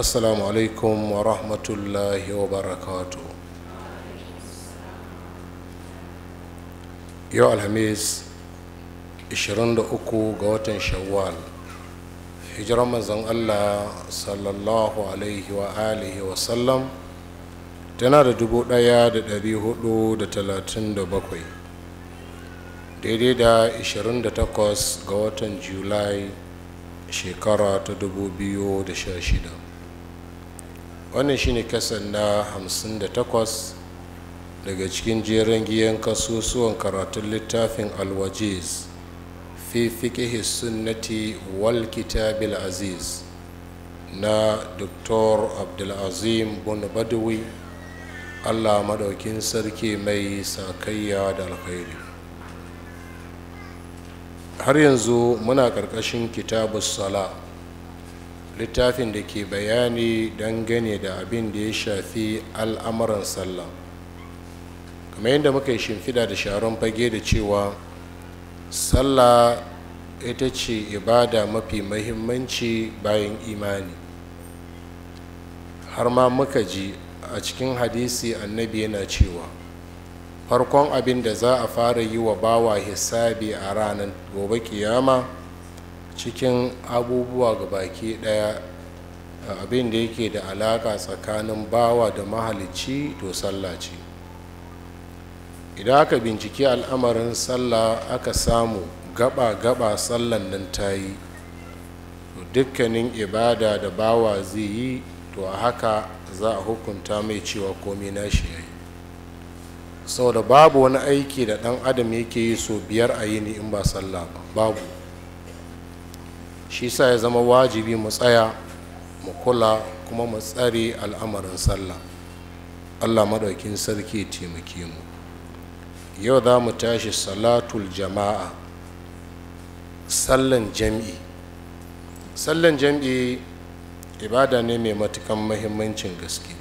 assalamu alaikum wa rahmatullahi wa barakatu yau alhamis 23 ga watan shawwal hijiran manzan allah sallallahu alaihi wa alihi wa sallam tana da talatin 1437 daidai da 28 ga watan julai shekara ta dubu biyu da sha shida. wannan shine kasan na 58 daga cikin jerin giyan kasusuwan karatun littafin alwajiz fi fiƙihi sunnati wal kitabil aziz na dr abdulazim bin badawi allah maɗaukin sarki mai sakayya da alkhairi har yanzu muna ƙarƙashin kitabus sala' littafin da ke bayani dangane da abin da ya shafi al'amuran sallah kamar yadda muka yi shimfiɗa da sharon fage da cewa sallah ita ce ibada mafi mahimmanci bayan imani har ma muka ji a cikin hadisi annabi yana cewa farkon abin da za a fara yi wa bawa hisabi a ranar gobe kiyama cikin abubuwa ga baki ɗaya abin da yake da alaƙa tsakanin bawa da mahalicci to sallah ce idan aka binciki al'amarin sallah aka samu gaba-gaba sallan nan ta yi dukkanin ibada da bawa zai yi to a haka za a hukunta mai cewa komai na shi ya yi da babu wani aiki da ɗan adam yake yi so biyar a yi ne in ba sallah ba babu shi sa ya zama wajibi mu tsaya mu kula kuma mu tsare al'amarin sallah allah maɗaukin sarki taimake mu yau za mu tashi salatul jama'a sallan jam'i sallan jam'i ibada ne mai matukan mahimmancin gaske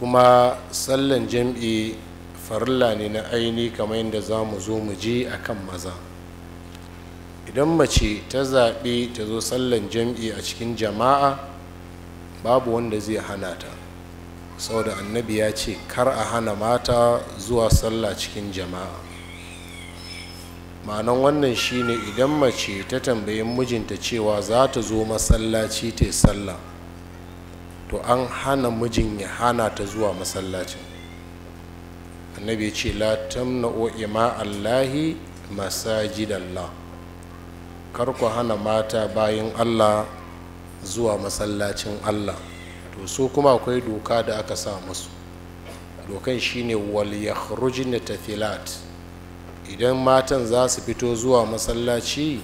kuma sallan jam'i farilla ne na aini kamar yadda za mu zo mu ji a kan maza idan mace ta zaɓi ta zo sallan jam'i a cikin jama'a babu wanda zai hana ta saboda annabi ya ce kar a hana mata zuwa sallah cikin jama'a ma'anan wannan shine idan mace ta tambayi mijinta cewa za ta zo masallaci ta sallah to an hana mijin ya hana ta zuwa masallacin annabi ya ce la tamna'u ima allahi masajidallah kar ku hana mata bayan allah zuwa masallacin allah to su kuma akwai doka da aka sa musu dokan shine wal yakhrujna tafilat idan matan za su fito zuwa masallaci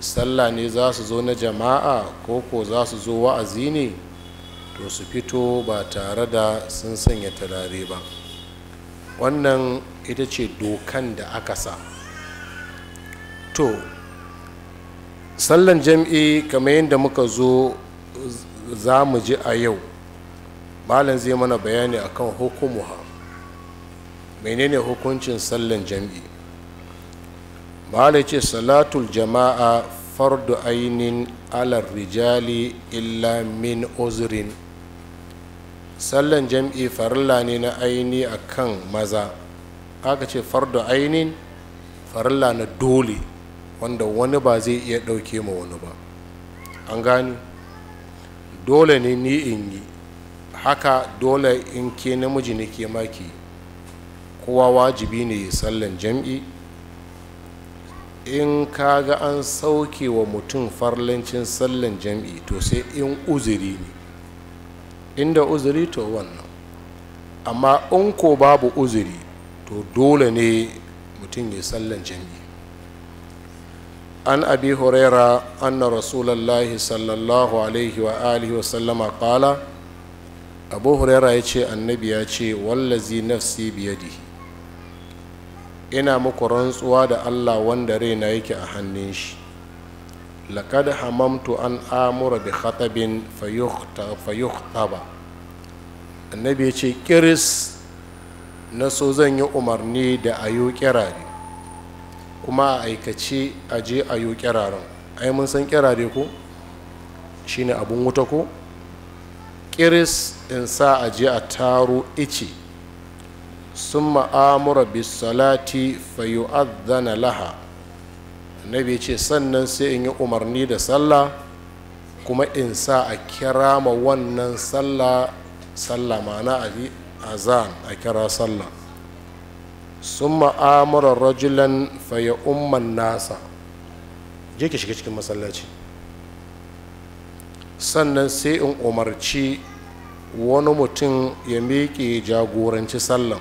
sallah ne za su zo na jama'a ko ko za su zo wa'azi ne to su fito ba tare da sun sanya turare ba wannan ita ce dokan da aka sa to sallan jam'i kamar yadda muka zo za mu ji a yau malam zai mana bayani akan hukumuha menene hukuncin sallan jam'i malam ce salatul jama'a fardu ainin alar rijali illa min uzurin sallan jam'i farilla ne na aini akan maza aka ce fardu ainin farilla na dole wanda wani ba zai iya ɗauke ma wani ba an gani dole ne ni in yi haka dole in ke namiji ne ke maki kowa wajibi ne ya sallan jam'i in kaga an sauke wa mutum farlancin sallan jam'i to sai in uzuri ne inda uzuri to wannan amma in ko babu uzuri to dole ne mutum ya sallan jam'i an abi huraira anna rasulallahi sallallahu alaihi wa alihi wa sallama qala abu huraira ya ce annabi ya ce wallazi nafsi biyadi ina muku rantsuwa da allah wanda raina yake a hannun shi laƙad hamamtu an amura bi khatabin fayuhtaba annabi ya ce kiris na so zan yi umarni da ayo kirari kuma a aikace a je a yi kiraren ai mun san kirare ko shine abun wuta ko kiris in sa a je a taro ice sun ma'amura bisalati adana laha annabi ce sannan sai in yi umarni da sallah kuma in sa a kira ma wannan sallah sallah ma'ana azan a kira sallah sun ma'amurar rajulan faya umman nasa je ki shiga cikin masallaci sannan sai in umarci wani mutum ya miƙe jagoranci sallan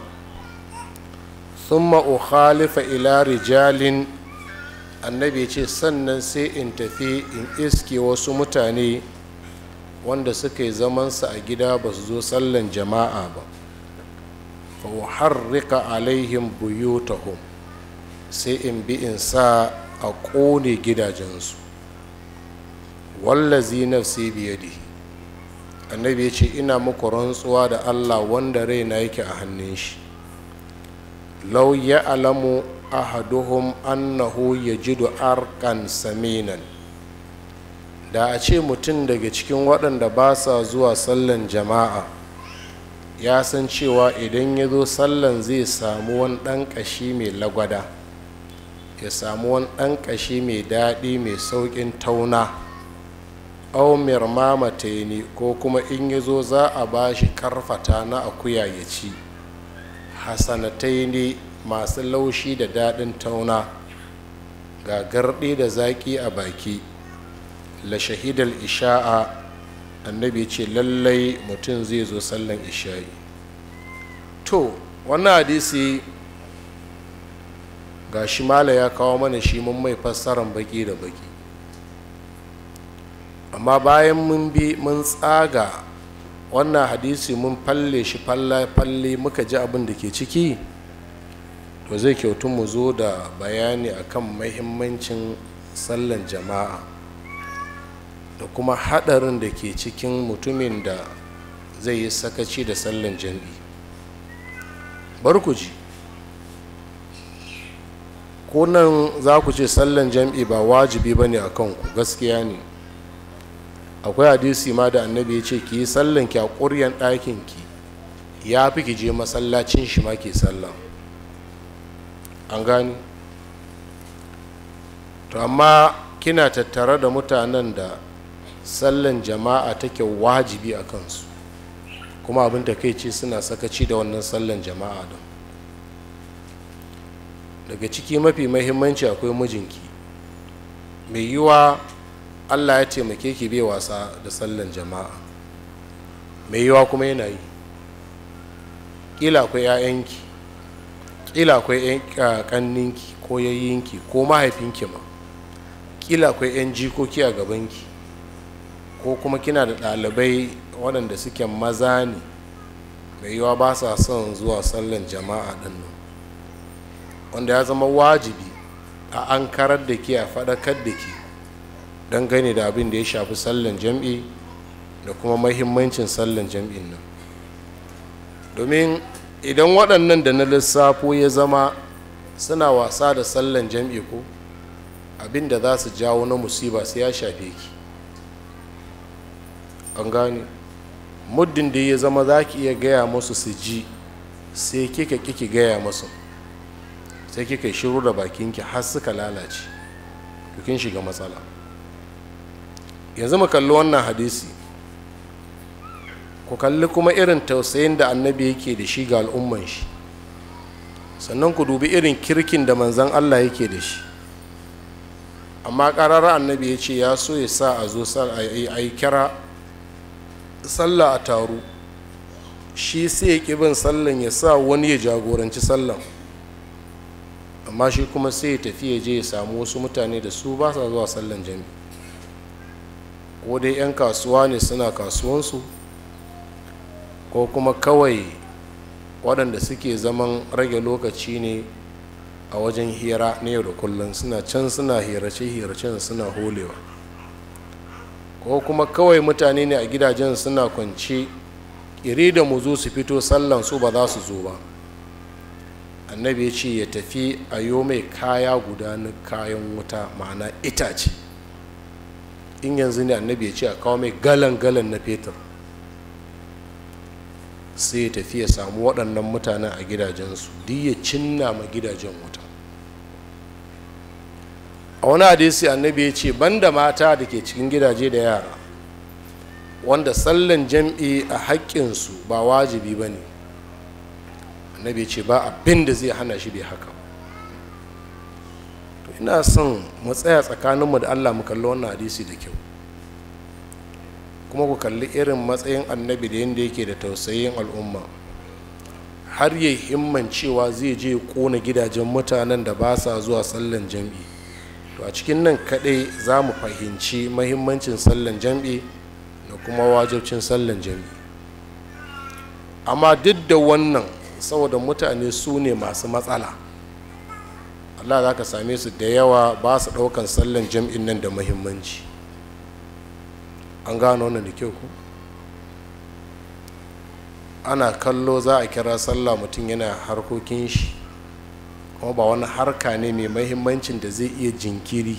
sun ma'ukhalifa ila rijalin annabi ce sannan sai in tafi in iske wasu mutane wanda suka yi zamansa a gida ba su zo sallan jama'a ba fa uharrika alaihim buyutahum sai in bi in sa a ƙone gidajensu wallazi nafsi biyadihi annabi ya ce ina muku rantsuwa da allah wanda raina yake a hannun shi lau ya alamu ahaduhum annahu ya arƙan arkan saminan da a ce mutum daga cikin waɗanda ba sa zuwa sallan jama'a ya san cewa idan ya zo sallan zai samu wani ɗan ƙashi mai lagwada ya samu wani ɗan ƙashi mai daɗi mai sauƙin tauna aumir ne, ko kuma in ya zo za a ba shi karfata na akuya ya ci ne, masu laushi da daɗin tauna ga garɗi da zaƙi a baki la shahidal isha'a annabi ce lallai mutum zai zo sallan ishayi. to wannan hadisi ga shi mala ya kawo mana shi mun mai fassaran baki da baki amma bayan mun bi mun tsaga wannan hadisi mun falle shi falle muka ji abin da ke ciki to zai kyautu mu zo da bayani akan mahimmancin sallan jama'a da kuma haɗarin da ke cikin mutumin da zai yi sakaci da sallan jam'i bar ji ko nan za ku ce sallan jam'i ba wajibi ba ne a kanku gaskiya ne akwai hadisi ma da annabi ya ce ki yi sallan ki a ƙuryan ɗakin ki ya fi ki je masallacin shi ma ke sallan an gani to amma kina tattare da mutanen da sallan jama'a ta take wajibi a kansu kuma abin da kai ce suna sakaci da wannan sallan jama'a don daga ciki mafi mahimmanci akwai mijinki mai yiwa allah ya taimake ki bai wasa da sallan jama'a mai yiwa kuma yana yi ƙila akwai 'ya'yanki ƙila akwai ƙanninki ko yayyinki ko mahaifinki ma ƙila akwai 'yan jikoki a gabanki ko kuma kina da ɗalibai waɗanda suke maza ne mai yiwa ba sa son zuwa sallan jama'a ɗin nan wanda ya zama wajibi a an karar da ke a faɗakar da ke don gani da abin da ya shafi sallan jam'i da kuma mahimmancin sallan jam'in nan domin idan waɗannan da na lissafo ya zama suna wasa da sallan jam'i ko abin da za su jawo na musiba sai ya shafe ki an gani muddin da ya zama za ki iya gaya musu su ji sai kika kiki gaya musu sai kika shiru da bakinki har suka lalace to kin shiga matsala yanzu mu kalli wannan hadisi ku kalli kuma irin tausayin da annabi yake da shi ga al'umman shi sannan ku dubi irin kirkin da manzan allah yake da shi amma ƙararra annabi ya ce ya so ya sa a zo a yi kira sallah a taru shi sai ya sallan ya sa wani ya jagoranci sallan amma shi kuma sai ya tafi ya je ya samu wasu mutane da su ba sa zuwa sallan jami ko dai 'yan kasuwa ne suna kasuwansu ko kuma kawai waɗanda suke zaman rage lokaci ne a wajen hira na yau da kullum suna can suna hirace-hiracen suna holewa ko kuma kawai mutane ne a gidajen suna kwance iri da mu zo su fito sallan su ba za su zo ba annabi ya ce ya tafi a yo mai kaya guda na kayan wuta ma'ana itace in yanzu ne annabi ya ce a kawo mai galan-galan na fetur sai ya tafi ya samu waɗannan mutanen a gidajensu duk ya cinna ma gidajen wuta a wani hadisi annabi ya ce banda mata da ke cikin gidaje da yara wanda sallan jam'i a haƙƙinsu ba wajibi ba ne annabi ce ba abin da zai hana shi bai haka to ina son mu tsaya tsakaninmu da allah mu kalli wannan hadisi da kyau kuma ku kalli irin matsayin annabi da yadda yake da tausayin al'umma har yi himman cewa zai je kona gidajen mutanen da ba sa zuwa sallan jam'i to a cikin nan kadai za mu fahimci mahimmancin sallan jam'i da kuma wajibcin sallan jam'i amma duk da wannan saboda mutane su ne masu matsala allah za ka same su da yawa ba su ɗaukan sallan jam'in nan da mahimmanci an gano wannan da kyau ku ana kallo za a kira sallah mutum yana harkokin shi kuma ba wani harka ne mai mahimmancin da zai iya jinkiri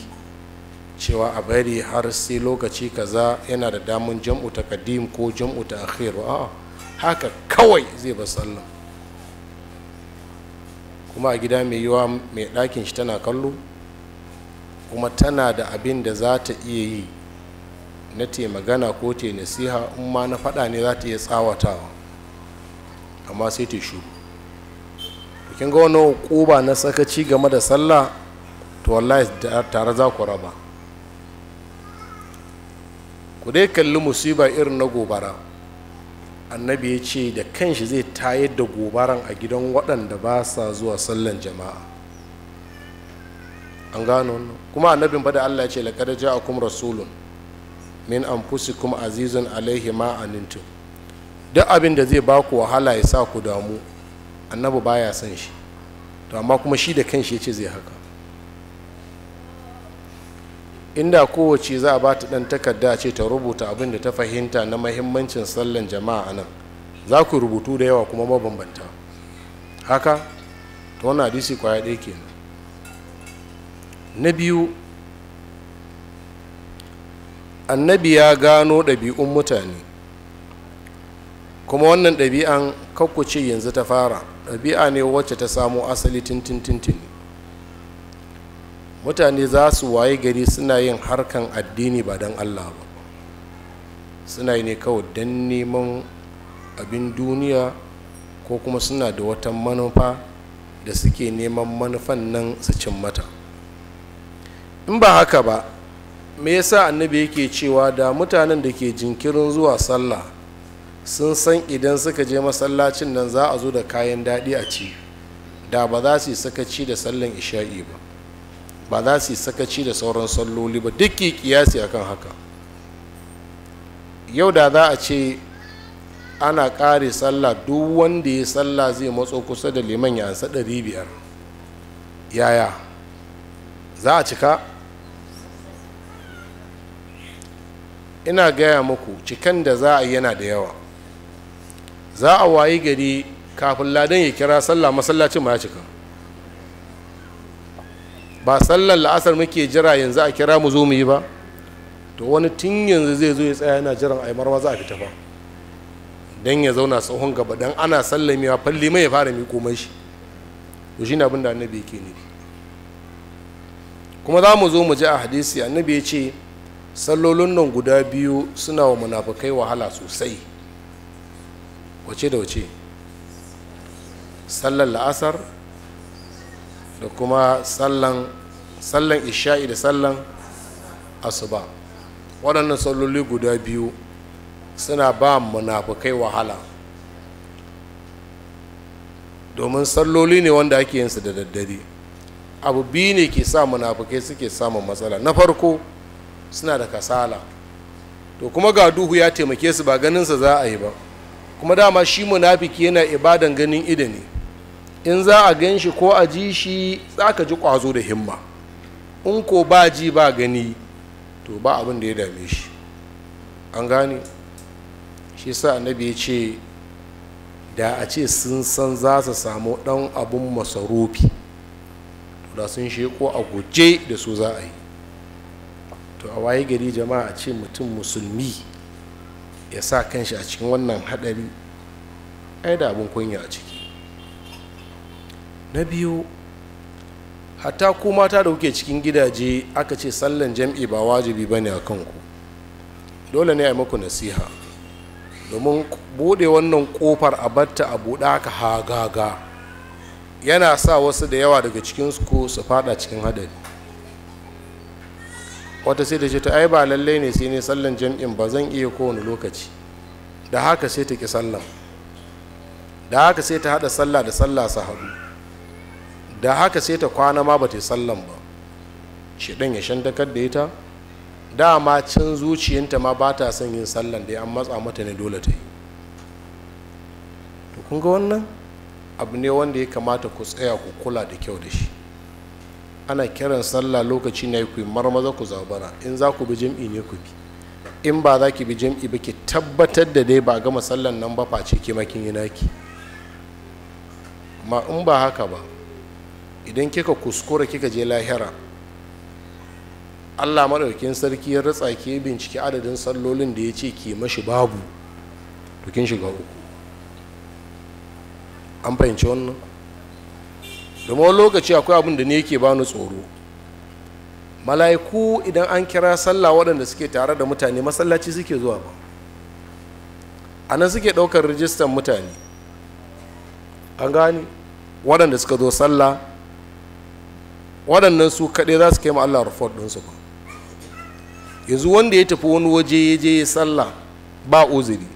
cewa a bari har sai lokaci kaza yana da damun jam'u ta kadim ko jam'u ta akhiru a'a haka kawai zai ba sallah kuma a gida mai yiwa mai ɗakin shi tana kallo kuma tana da abin da za ta iya yi na te magana ko te nasiha in ma na faɗa ne za ta iya tsawatawa amma sai ta shuru kin ga wani hukuba na sakaci game da sallah to wallahi tare za ku raba ku dai kalli musiba irin na gobara annabi ya ce da kanshi zai tayar da gobaran a gidan waɗanda ba sa zuwa sallan jama'a an gano kuma annabin bada da allah ce a kum rasulun min kuma azizun alaihi ma anintum duk abin da zai baku wahala ya sa ku damu annabi baya son shi to amma kuma shi da kanshi ya ce zai haka inda kowace za a ba ta ɗan takarda ce ta rubuta abin da ta fahimta na mahimmancin sallan jama'a nan za ku rubutu da yawa kuma mabambanta haka ta wani hadisi kwaya ɗaya kenan na biyu annabi ya gano ɗabi'un mutane kuma wannan ɗabi'an kakkuce yanzu ta fara ɗabi'a ne wacce ta samo asali tintintintin mutane za su waye gari suna yin harkan addini ba don allah ba suna yi ne kawai don neman abin duniya ko kuma suna da wata manufa da suke neman manufan nan su cin mata in ba haka ba me yasa annabi yake cewa da mutanen da ke jinkirin zuwa sallah sun san idan suka je masallacin nan za a zo da kayan daɗi a ci da ba za su yi sakaci da sallan isha'i ba ba za su yi sakaci da sauran salloli ba duk kiyasi akan haka yau da za a ce ana ƙare sallah duk wanda ya sallah zai matso kusa da liman ya ansa ɗari biyar yaya za a cika ina gaya muku cikan da za a yana da yawa za a wayi gari kafin ladan ya kira sallah masallacin ma ya cika ba sallar la'asar muke jira yanzu a kira mu zo mu yi ba to wani tun yanzu zai zo ya tsaya yana jiran a yi za a fita ba don ya zauna tsohon gaba don ana sallamewa falle mai ya fara miko mai shi to shi ne abin da annabi yake nufi kuma za mu zo mu ji a hadisi annabi ya ce sallolin nan guda biyu suna wa munafukai wahala sosai wace da wace sallan la'asar da kuma sallan isha'i da sallan asuba waɗannan salloli guda biyu suna ba munafukai wahala domin salloli ne wanda ake yinsu da daddare abu biyu ne ke sa munafukai suke samun matsala na farko suna da kasala to kuma ga duhu ya taimake su ba ganin sa za a yi ba kuma dama shi munafiki yana ibadan ganin ido ne in za a gan shi ko a ji shi za ka ji ƙwazo da himma in ko ba ji ba gani to ba abin da ya dame shi an gane shi sa annabi ya ce da a ce sun san za su samu ɗan abun masarufi da sun sheko a guje da su za a yi to a waye gari jama'a ce mutum musulmi ya sa kanshi a cikin wannan haɗari ai da abin kunya a ciki na biyu hatta ku mata da kuke cikin gidaje aka ce sallan jam'i ba wajibi bane ne a kanku dole ne a muku nasiha domin bude wannan kofar a batta a buɗe aka hagaga yana sa wasu da yawa daga cikin su fada cikin hadari wata sai da ce ta ai ba lallai ne sai ne sallan jam'in ba zan iya kowane lokaci da haka sai ta ki sallan da haka sai ta haɗa sallah da sallah su haɗu da haka sai ta kwana ma ba ta yi sallan ba shi ɗan ya shantakar da ita dama can zuciyanta ma ba ta son yin sallan da an matsa mata ne dole ta yi to kun ga wannan abu ne wanda ya kamata ku tsaya ku kula da kyau da shi ana kiran sallah lokaci na ku marmaza ku zabara in za ku bi jam'i ne ku bi in ba za ki bi jam'i ba ki tabbatar da dai ba gama sallan nan ba face ki makin yana ki ma in ba haka ba idan kika kuskura kika je lahira allah maɗaukin sarki ya ratsa ke bincike adadin sallolin da ya ce ki mashi babu to kin shiga uku an fahimci wannan domin wani lokaci akwai abin da ne yake bani tsoro mala'iku idan an kira sallah waɗanda suke tare da mutane masallaci suke zuwa ba a nan suke ɗaukar rijistan mutane an gane waɗanda suka zo sallah waɗannan su kaɗai za su kai ma allah rufot ɗinsu ba yanzu wanda ya tafi wani waje ya je ya sallah ba uzuri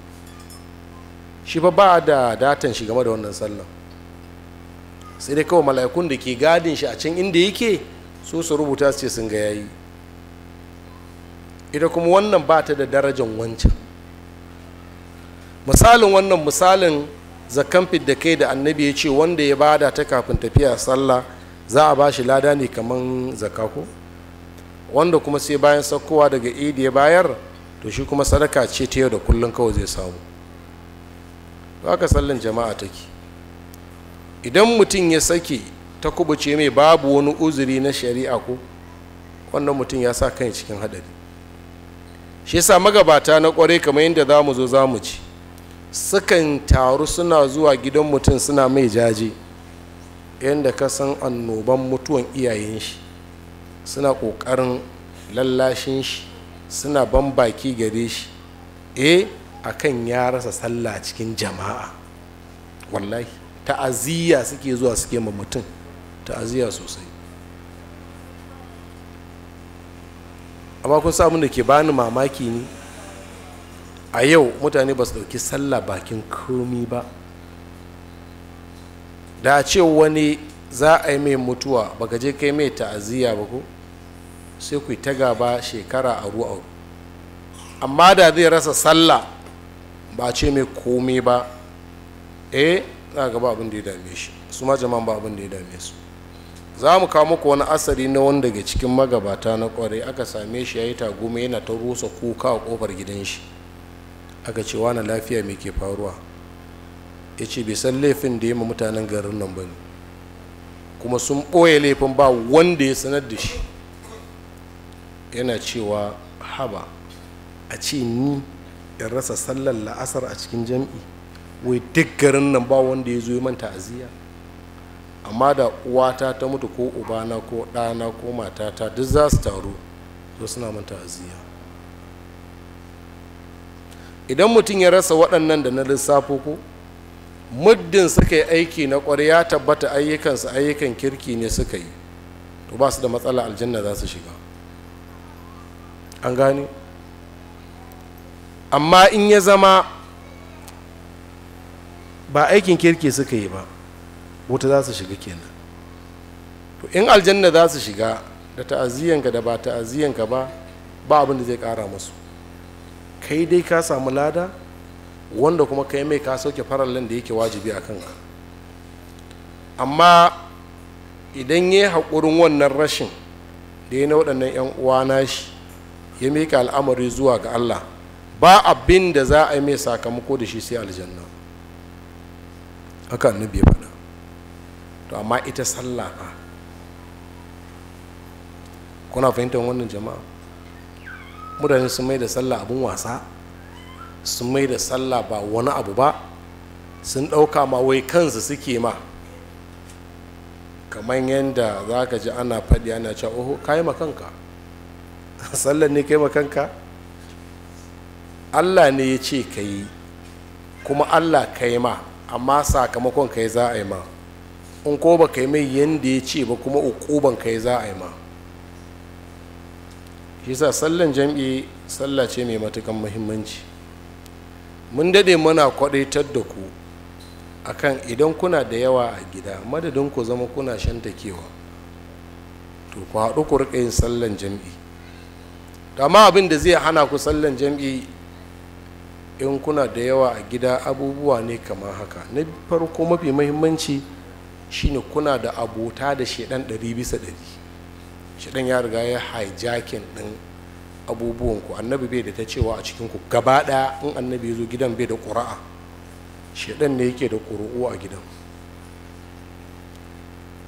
shi fa ba da datan shi game da wannan sallah sai dai kawai mala'ikun da ke gadin shi a can inda yake su su rubuta su ce sun ga yayi ita kuma wannan ba ta da darajar wancan misalin wannan misalin zakan da kai da annabi ya ce wanda ya bada ta kafin tafiya sallah za a ba shi lada ne kamar zaka wanda kuma sai bayan saukowa daga idi ya bayar to shi kuma sadaka ce ta yau da kullum kawai zai samu haka sallin jama'a take idan mutum ya sake ta kubuce mai babu wani uzuri na shari'a ko wannan mutum ya sa kan cikin hadari shi yasa magabata na ƙwarai kamar yadda za mu zo za mu ci sukan taru suna zuwa gidan mutum suna mai jaje yadda ka san annoban mutuwan iyayen shi suna ƙoƙarin lallashin shi suna ban baki gare shi eh akan ya rasa sallah cikin jama'a wallahi ta'aziyya suke zuwa suke ma mutum ta'aziyya sosai amma kun samun da ke bani mamaki ne a yau mutane ba su ɗauki sallah bakin komi ba da ce wani za a yi mai mutuwa baka je kai mai ta'aziyya ba ko sai ku ta gaba shekara a ruwa amma da zai rasa sallah ba ce mai komi ba eh na ga ba abin da ya dame shi su ma jama'an ba abin da ya dame su za mu kawo muku wani asali na wanda daga cikin magabata na kwarai aka same shi ya yi tagumi yana ta rusa kuka a kofar gidan shi aka ce wani lafiya mai ke faruwa ya ce bai san laifin da ya ma mutanen garin nan ba ne kuma sun ɓoye laifin ba wanda ya sanar da shi yana cewa haba a ce ni in rasa sallar la'asar a cikin jam'i wai duk garin nan ba wanda ya zo yi manta aziya amma da uwata ta mutu ko ubana ko ɗana ko matata duk za su taru to suna manta aziya idan mutum ya rasa waɗannan da na lissafo ko muddin suka yi aiki na ƙwarya ya tabbata ayyukansu ayyukan kirki ne suka yi to ba su da matsala aljanna za su shiga an gane amma in ya zama ba aikin kirki suka yi ba wuta za su shiga kenan to in aljanna za su shiga da ta'aziyyanka da ba ta'aziyyanka ba ba abin da zai kara musu kai dai ka samu lada wanda kuma kai mai ka sauke farallin da yake wajibi a kanka amma idan ya yi haƙurin wannan rashin da ya na waɗannan 'yan uwa nashi ya mika al'amari zuwa ga allah ba abin da za a yi mai sakamako da shi sai aljanna haka annabi ya faɗa to amma ita sallah fa kuna fahimtar wannan jama'a mutane sun mai da sallah abin wasa sun mai da sallah ba wani abu ba sun ɗauka ma wai kansu suke ma kamar yadda za ka ji ana faɗi ana cewa oho kayi makanka sallar ne kai makanka allah ne ya ce ka yi kuma allah ka yi ma amma sakamakon kai za a yi ma in ko ba kai mai yadda ya ce ba kuma ukuban kai za a yi ma yasa sallan jam'i sallah ce mai matukan muhimmanci mun dade muna kwadaitar da ku akan idan kuna da yawa a gida madadin ku zama kuna shantakewa to ku haɗu ku riƙa yin sallan jam'i amma abin da zai hana ku sallan jam'i in kuna da yawa a gida abubuwa ne kamar haka na farko mafi mahimmanci shine kuna da abota da shedan ɗari bisa ɗari shedan ya riga ya hijakin ɗin abubuwanku annabi bai da ta cewa a cikinku gaba ɗaya in annabi ya zo gidan bai da ƙura'a shedan ne yake da ƙuru'u a gidan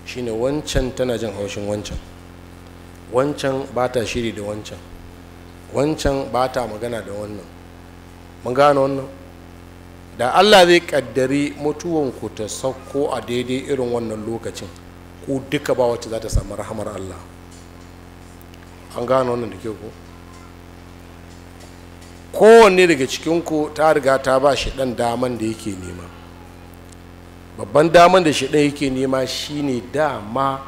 shine wancan tana jin haushin wancan wancan ba ta shiri da wancan wancan ba ta magana da wannan mun gane wannan da allah zai kaddari ku ta sauko a daidai irin wannan lokacin ku duka ba wacce za ta samu rahamar allah an gane wannan da ke ku kowanne daga cikinku ta riga ta ba shi ɗan daman da yake nema babban daman da shi ɗan yake nema shine dama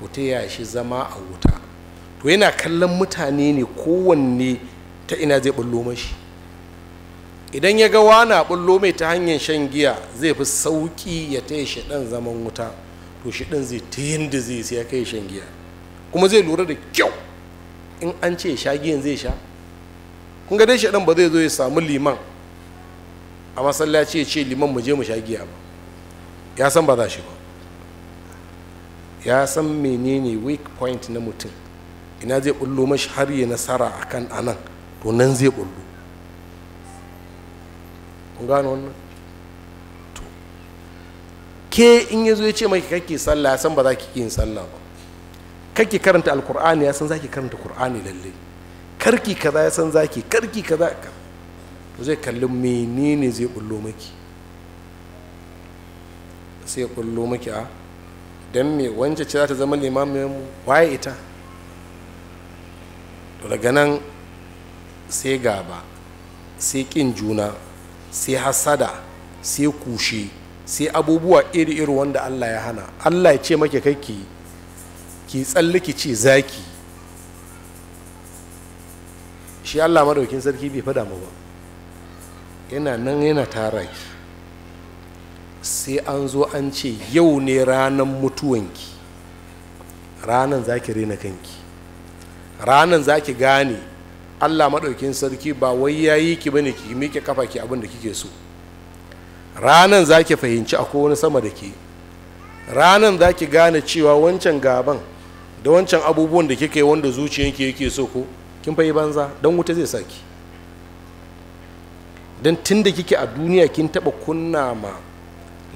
ku taya shi zama a wuta to yana kallon mutane ne kowanne ta ina zai ɓullo mashi idan ya ga wana bullo mai ta hanyar shan giya zai fi sauƙi ya taya shi ɗan zaman wuta to shi ɗan zai ta yadda zai sai ya kai shan giya kuma zai lura da kyau in an ce sha giyan zai sha kun ga dai shi ɗan ba zai zo ya samu liman a masallaci ya ce liman mu je mu sha giya ba ya san ba za shi ba ya san menene weak point na mutum ina zai bullo mashi har ya nasara akan anan to nan zai bullo gano wannan to ke in ya zo ya ce ka kake sallah san ba za ki yin sallah ba kake karanta alqur'ani ya san za ki karanta kur'ani lalle karki kaza ya san za ki karki kaza to zai kalli menene zai bullo maki sai ya bullo maki a ah, dan me wance ce za ta zama limamin waye ita to daga nan sai gaba sai kin juna sai hasada sai kushe sai abubuwa iri-iri wanda allah ya hana allah ya ce make kai ki ki tsalliki ce zaki shi allah madaukin sarki bai fada mu ba yana nan yana tara ki sai an zo an ce yau ne ranar mutuwanki ranan za ki rena kanki ranan zaki gane allah maɗaukin sarki ba wai ya yi ki ba ne ki miƙe kafa ki abin da kike so ranan za ki fahimci akwai wani sama da ke ranan za ki gane cewa wancan gaban da wancan abubuwan da kika yi wanda zuciyanki yake so ko kin fahimci banza don wuta zai sa ki don tun da kike a duniya kin taɓa kunna ma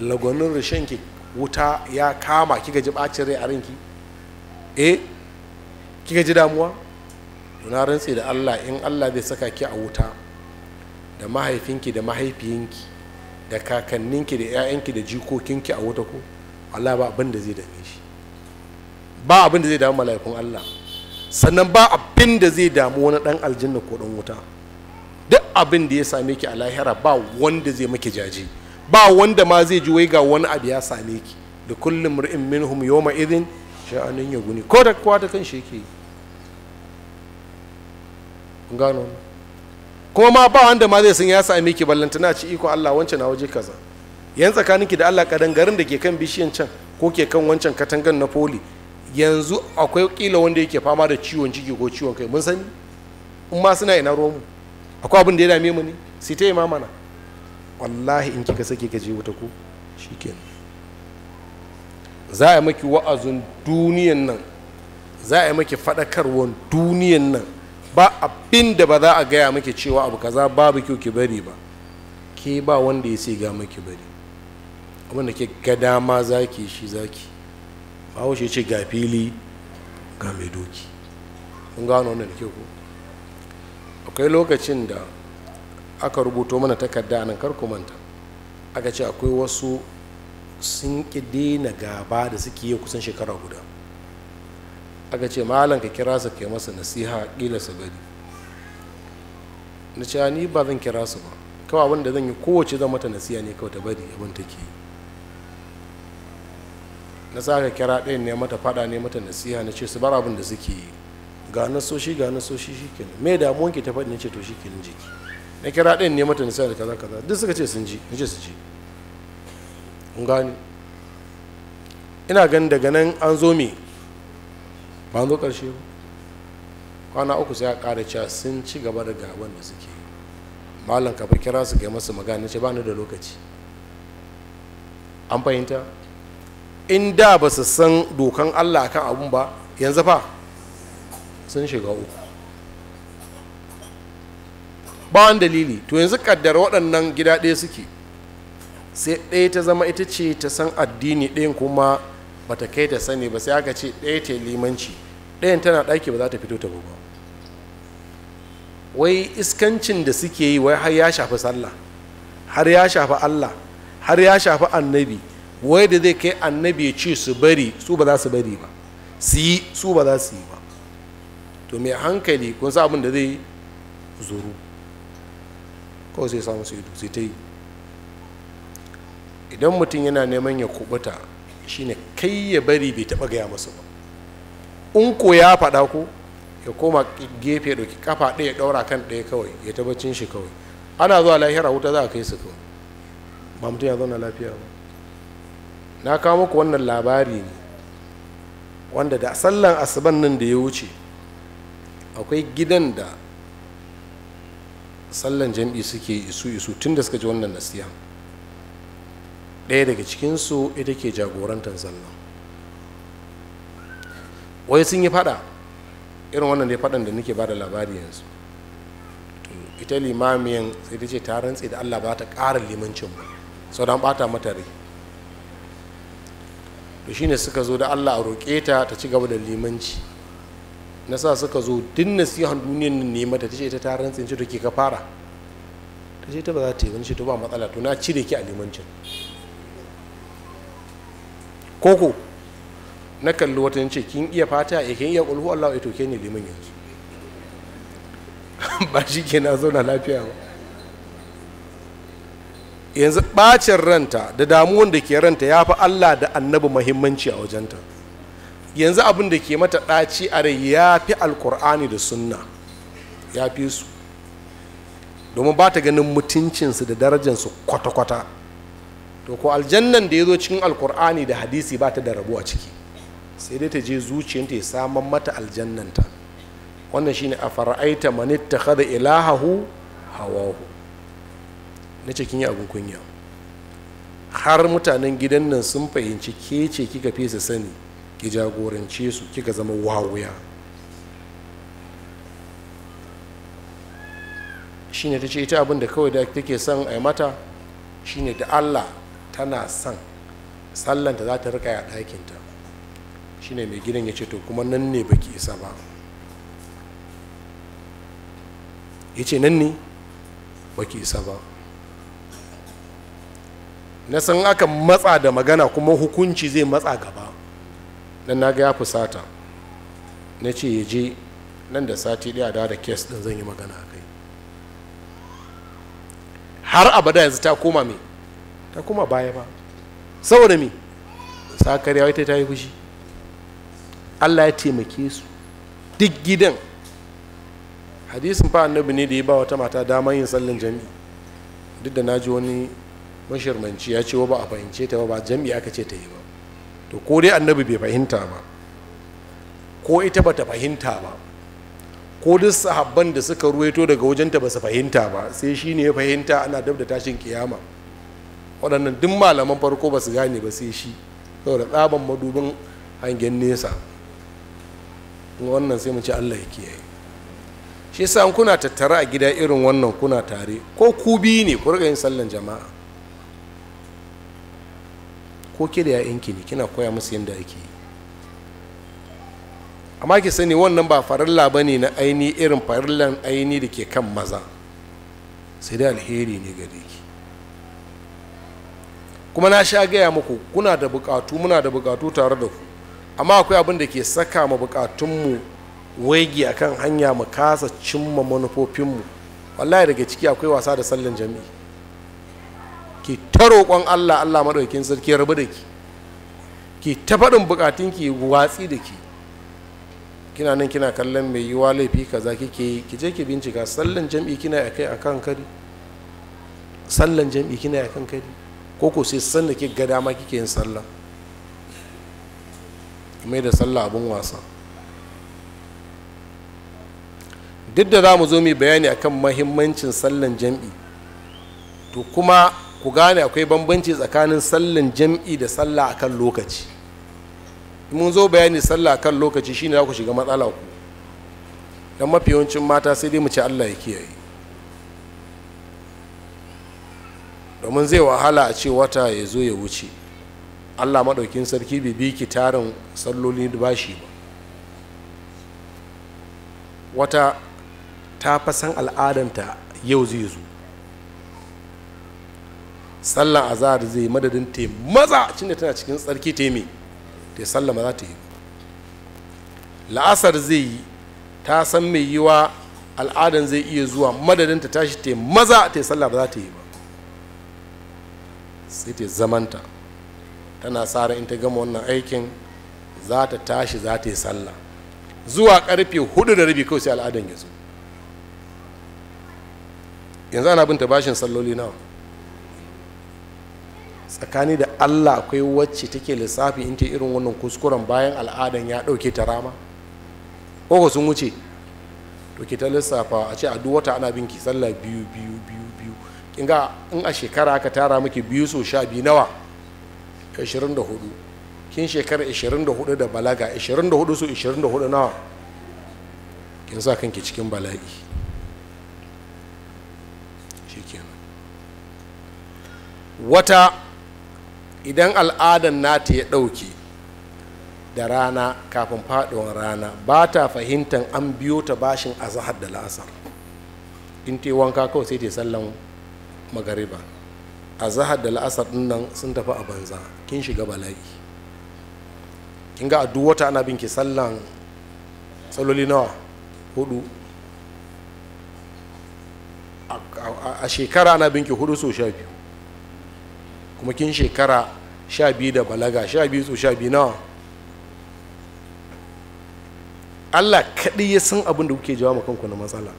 lagonin ki wuta ya kama kika ji ɓacin rai a ranki eh kika ji damuwa na rantse da allah in allah zai saka ki a wuta da mahaifinki da mahaifiyanki da kakanninki da 'ya'yanki da jikokinki a wuta ko allah ba abin da zai dame shi ba abin da zai damu mala'ikun allah sannan ba abin da zai damu wani dan aljanna ko dan wuta duk abin da ya same ki a lahira ba wanda zai maki jaji ba wanda ma zai ji wai ga wani abu ya same ki da kullum ri'in minhum yawma idin sha'anin ya guni ko da kowa ta kan shi yake yi gano kuma ma ba wanda ma zai san ya sami ki ballantana ci iko Allah wancan na waje kaza tsakanin tsakaninki da Allah garin da ke kan bishiyan can ko ke kan wancan katangan na poli yanzu akwai kila wanda yake fama da ciwon ciki ko ciwon kai mun sani in ma suna ina romu akwai abin da ya dame mu ne sai ta yi mamana wallahi in kika sake ka je wuta ko shikenan za a yi maki wa'azin duniyan nan za a yi maki faɗakarwar duniyan nan ba abin da ba za a gaya maki cewa abu kaza babu kyau ki bari ba ke ba wanda ya sai ga maki bari abin da ke ga dama zaki shi zaki ba wuce ce ga fili ga mai doki kun gano wannan da ke akwai lokacin da aka rubuto mana takarda nan kar manta aka ce akwai wasu sun ƙi daina gaba da suke yi kusan shekara guda aka ce malam ka kira su ke masa nasiha ƙila su gari na cewa ni ba zan kira su ba kawai abin da zan yi kowace zan mata nasiha ne kawai ta bari abin ke yi na sa ka kira ɗayan ne mata faɗa ne mata nasiha na ce su bar abin da suke yi ga nasoshi ga nasoshi shi ke kenan me damuwanki ta faɗi na ce to shi kenan jiki na kira ɗayan ne mata nasiha da kaza kaza duk suka ce sun ji na ce su ji kun ina ganin daga nan an zo me ba zo ƙarshe ba kwana uku sai a ƙara cewa sun ci gaba da gaban da suke malam kafin kira su ga masu magana ce ba da lokaci an fahimta in da ba su san dokan allah kan abun ba yanzu fa sun shiga uku ba wani dalili to yanzu kaddara waɗannan gida ɗaya suke sai ɗaya ta zama ita ce ta san addini ɗayan kuma ba ta kai ta sani ba sai aka ce ɗaya ta limanci ɗayan tana ɗaki ba za ta fito ta ba wai iskancin da suke yi wai har ya shafi sallah har ya shafi allah har ya shafi annabi wai da zai kai annabi ya ce su bari su ba za su bari ba su yi su ba za su yi ba to mai hankali kun sa abin da zai zuru kawai sai samu su sai ta yi idan mutum yana neman ya kubuta shine kai ya bari bai taɓa gaya masu ba in ko ya faɗa ko ya koma gefe ya ɗauki kafa ɗaya ya ɗaura kan ɗaya kawai ya tabbacin shi kawai ana zuwa lahira wuta za a kai su kawai ba mutum ya zauna lafiya ba na kawo muku wannan labari ne wanda da sallan asuban nan da ya wuce akwai gidan da sallan jam'i suke isu isu tun da suka ji wannan nasiha ɗaya daga cikinsu ita ke jagorantar sallah wai sun yi fada irin wannan dai fadan da nake ba da labari yanzu ita limamiyan sai ta ce ta rantse da allah ba ta ƙara limancin ba sau don ɓata mata rai to shine suka zo da allah a roƙe ta ta ci gaba da limanci na sa suka zo duk nasihan duniyan nan ne mata ta ce ta ta rantse ce to ke ka fara ta ce ta ba za ta yi wani ce to ba matsala to na cire ki a limancin koko na kalli wata ce kin iya fata ya eh, kin iya kulhu Allah ya toke ni liman yanzu ba shi ke na zauna lafiya ba yanzu bacin ranta da damuwan da ke ranta ya fi Allah da annabi mahimmanci a wajenta yanzu abin da ke mata ɗaci a rai ya fi alkur'ani da sunna ya fi su domin ba ta ganin mutuncinsu da darajarsu kwata-kwata to ko aljannan da ya zo cikin alkur'ani da hadisi ba ta da rabo a ciki sai dai ta je zuciyarta ya saman mata aljannanta wannan shine a fara'aita manitta kada ilahahu hawahu na cikin yi abin kunya har mutanen gidan nan sun fahimci ke ce kika fi su sani ki jagorance su kika zama wawuya shine ta ce ita abin da kawai da take son a mata shine da allah tana son sallanta za ta rika ya ɗakinta shi ne mai gidan ya ce to kuma nan ne baki isa ba ya ce nan ne baki isa ba na san aka matsa da magana kuma hukunci zai matsa gaba nan na ga ya fusata na ce ya je nan da sati ɗaya da da kes ɗin zan yi magana a kai har abada yanzu ta koma mai ta kuma baya ba saboda me sakariya ta yi fushi allah ya taimake su duk gidan hadisin fa annabi ne da ya ba wata mata damar yin sallan jami'i duk da na ji wani mashirmanci ya ce wa ba a fahimce ta ba ba jami'i aka ce ta yi ba to ko dai annabi bai fahimta ba ko ita ba ta fahimta ba ko duk sahabban da suka ruwaito daga wajenta ba su fahimta ba sai shi ne ya fahimta ana dab da tashin kiyama waɗannan duk malaman farko ba su gane ba sai shi saboda tsaban madubin hangen nesa wannan sai mu ci allah ya kiyaye shi yasa kuna tattara a gida irin wannan kuna tare ko ku biyu ne ku riga yin sallan jama'a ko ke da ya'yanki ne kina koya musu yadda ake yi amma ki sani wannan ba farilla ba ne na aini irin farillan aini da ke kan maza sai dai alheri ne gare ki kuma na sha gaya muku kuna da bukatu muna da bukatu tare da ku amma akwai abin da ke saka ma bukatunmu waigi a kan hanya mu kasa cimma manufofinmu wallahi daga ciki akwai wasa da sallan jami'i ki ta roƙon allah allah maɗaukin sarki rabu da ki ki ta faɗin ki watsi da ki kina nan kina kallon mai yiwa laifi kaza kike yi ki je ki bincika sallan jami'i kina akai akan kari sallan jami'i kina akan kari ko ko sai da ke gada ma kike yin sallah mai da sallah abin wasa duk da za mu zo mai bayani akan mahimmancin sallan jam'i to kuma ku gane akwai bambanci tsakanin sallan jam'i da sallah akan lokaci mun zo bayani sallah akan lokaci shine za ku shiga matsala ku dan mafi yawancin mata sai dai mu ci Allah ya kiyaye domin zai wahala a ce wata ya zo ya wuce allah maɗaukin sarki bai bi ki tarin salloli da bashi ba wata ta fasan al'adanta yau zai zo sallan azahar zai madadin ta maza da tana cikin tsarki ta yi ta sallama za ta yi la'asar zai yi ta san mai yiwa al'adan zai iya zuwa madadin ta tashi ta maza ta yi ba za ta yi ba sai zamanta tana tsara in ta gama wannan aikin za ta tashi za ta yi sallah zuwa karfe hudu da rabi kawai sai al'adan ya zo yanzu ana binta bashin salloli nawa tsakani da allah akwai wacce take lissafi in ta irin wannan kuskuren bayan al'adan ya ɗauke ta rama ko sun wuce to ke ta lissafa a ce a duk wata ana binki sallah biyu biyu biyu inga ga in a shekara aka tara miki biyu so sha biyu nawa 24 kin shekara 24 da balaga 24 so 24 nawa kin sa kanki cikin bala'i shikenan wata idan al'adan nata ya ɗauke da rana kafin fadon rana ba ta fahimtar an biyo ta bashin azahar da la'asar in te wanka kawai sai ta sallan magariba a zahar da la'asar din nan sun tafi a banza kin shiga bala'i kin ga addu duk wata ana binki sallan saloli nawa hudu a shekara ana binki hudu so sha biyu kuma kin shekara sha biyu da balaga sha biyu so sha biyu nawa allah kaɗai ya san abin da kuke jawo kanku na matsala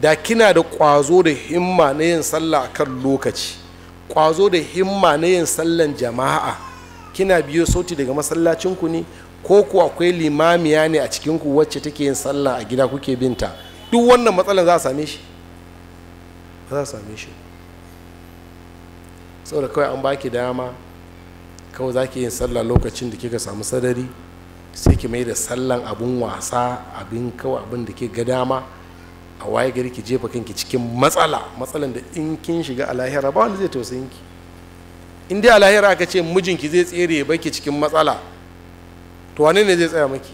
da kina da ƙwazo da himma na yin sallah kan lokaci ƙwazo da himma na yin sallan jama'a kina biyo sauti daga masallacinku ne ko ku akwai limamiya ne a cikinku wacce take yin sallah a gida kuke binta duk wannan matsalan za a same shi za a same shi saboda kawai an baki dama kawai za ki yin sallah lokacin da kika samu sadari sai ki mai da sallan abin wasa abin kawai abin da ke ga dama a waye gari ki jefa kanki cikin matsala matsalan da in kin shiga a lahira ba wanda zai tausayin ki in dai a lahira aka ce mijinki zai tsere ya baki cikin matsala to wane ne zai tsaya maki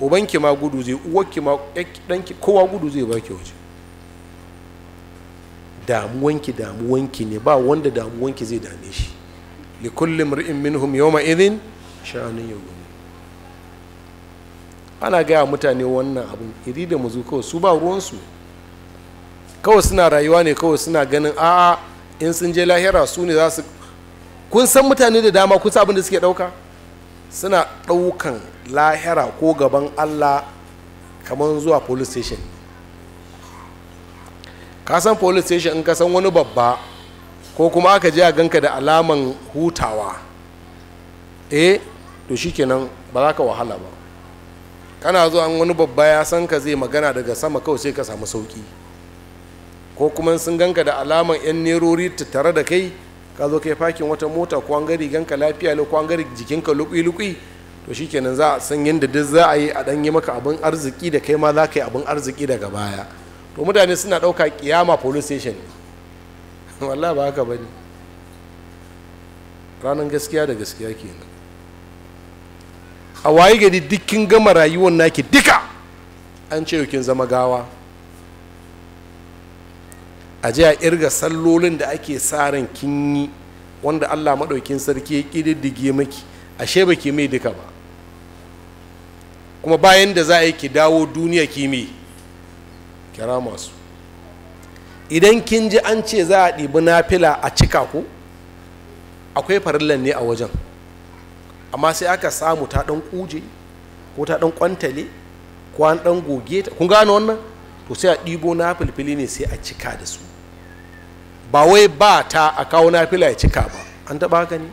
ubanki ma gudu zai uwarki ma ɗanki kowa gudu zai baki waje damuwanki damuwanki ne ba wanda damuwanki zai dame shi li kulli mar'in minhum yawma idhin sha'anin yawm ana gaya mutane wannan abin iri da mu su ba ruwansu kawai suna rayuwa ne kawai suna ganin a'a in sun je lahira su ne za su kun san mutane da dama kusa abin da suke ɗauka suna ɗaukan lahira ko gaban allah kamar zuwa police station ka san police station in ka san wani babba ko kuma aka je a ganka da alaman hutawa eh to shikenan ba za ka wahala ba kana zuwa wani babba ya san ka zai magana daga sama kawai sai ka samu sauki ko kuma sun ganka da alaman yan nerori tare da kai ka zo kai fakin wata mota ko an gari ganka lafiya ne ko an gari jikinka lukui-lukui to shikenan za a san yadda duk za a yi a dan yi maka abin arziki da kai ma za ka yi abin arziki daga baya to mutane suna ɗauka kiyama police station wallah ba haka bane ranar gaskiya da gaskiya kenan a waye gari dukkin gama rayuwar naki duka an ce kin zama gawa a ji a irga sallolin da ake tsarin kin yi wanda allah maɗaukin sarki ya ƙididdige maki ashe ba ki mai duka ba kuma bayan da za a yi ki dawo duniya ki mai kira masu idan kin ji an ce za a ɗibi nafila a cika ku akwai farillan ne a wajen amma sai aka samu ta ɗan ƙuje ko ta ɗan kwantale ko an ɗan goge ta kun gane wannan to sai a ɗibo na filfili ne sai a cika da su ba wai ba ta a kawo fila ya cika ba an taɓa gani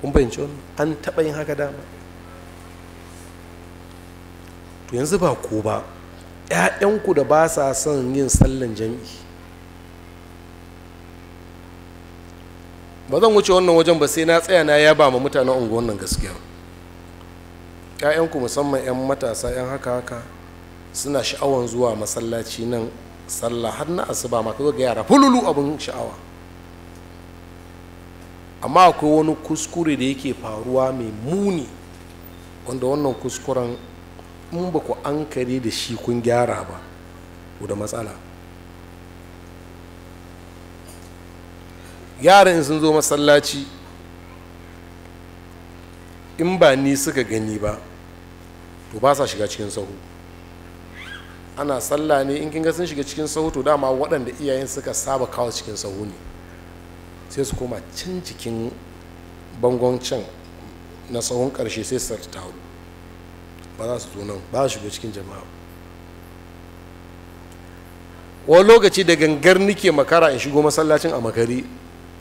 kun fahimci wani an taɓa yin haka dama to yanzu ba ko ba 'ya'yanku da ba sa son yin sallan jami'i. ba zan wuce wannan wajen ba sai na tsaya na ya ba ma mutanen unguwan nan gaskiya ƴaƴanku musamman 'yan matasa 'yan haka haka suna sha'awan zuwa masallaci nan sallah har na asuba ma kaga ga yara fululu abun sha'awa amma akwai wani kuskure da yake faruwa mai muni wanda wannan kuskuren in ba ku an kare da shi kun gyara ba ku da matsala yaran sun zo masallaci in ba ni suka gani ba to ba sa shiga cikin sahu ana sallah ne in kin ga sun shiga cikin sahu dama waɗanda iyayen suka saba kawo cikin sahu ne sai su koma can cikin bangon can na sahun ƙarshe sai su hudu ba za su zo nan ba su shigo cikin jama'a wani lokaci da gangar nike makara in shigo masallacin a makari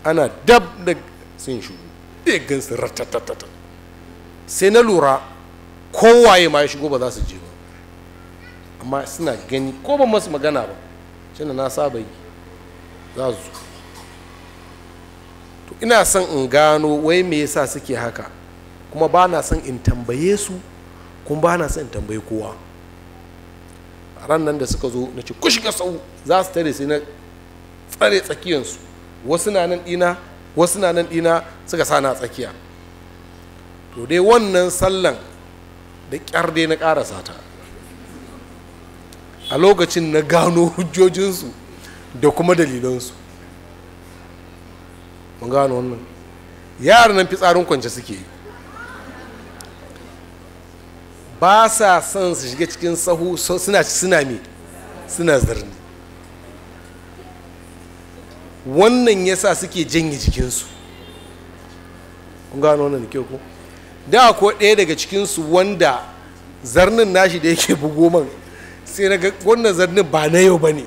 ana dab da sun shigo da sai na lura kowaye ma ya shigo ba za su je ba amma suna gani ko ba masu magana ba shi na saba yi za su to ina son in gano wai me yasa suke haka kuma ba na son in tambaye su kuma ba na son in tambaye kowa ran nan da suka zo na ce ku shiga sau za su tare sai na tsare tsakiyarsu wasu na nan ɗina wasu na nan ɗina suka sa na tsakiya to dai wannan sallan da kyar dai na ƙarasa ta a lokacin na gano hujjojinsu da kuma dalilansu mun gano wannan yaran nan fitsarin kwance suke yi ba sa son su shiga cikin sahu suna suna me suna zarni wannan yasa suke janye jikinsu kun gano wannan da kyau ko da ko ɗaya daga cikinsu wanda zarnin nashi da yake bugo man sai na ga wannan zannin ba na yau ba ne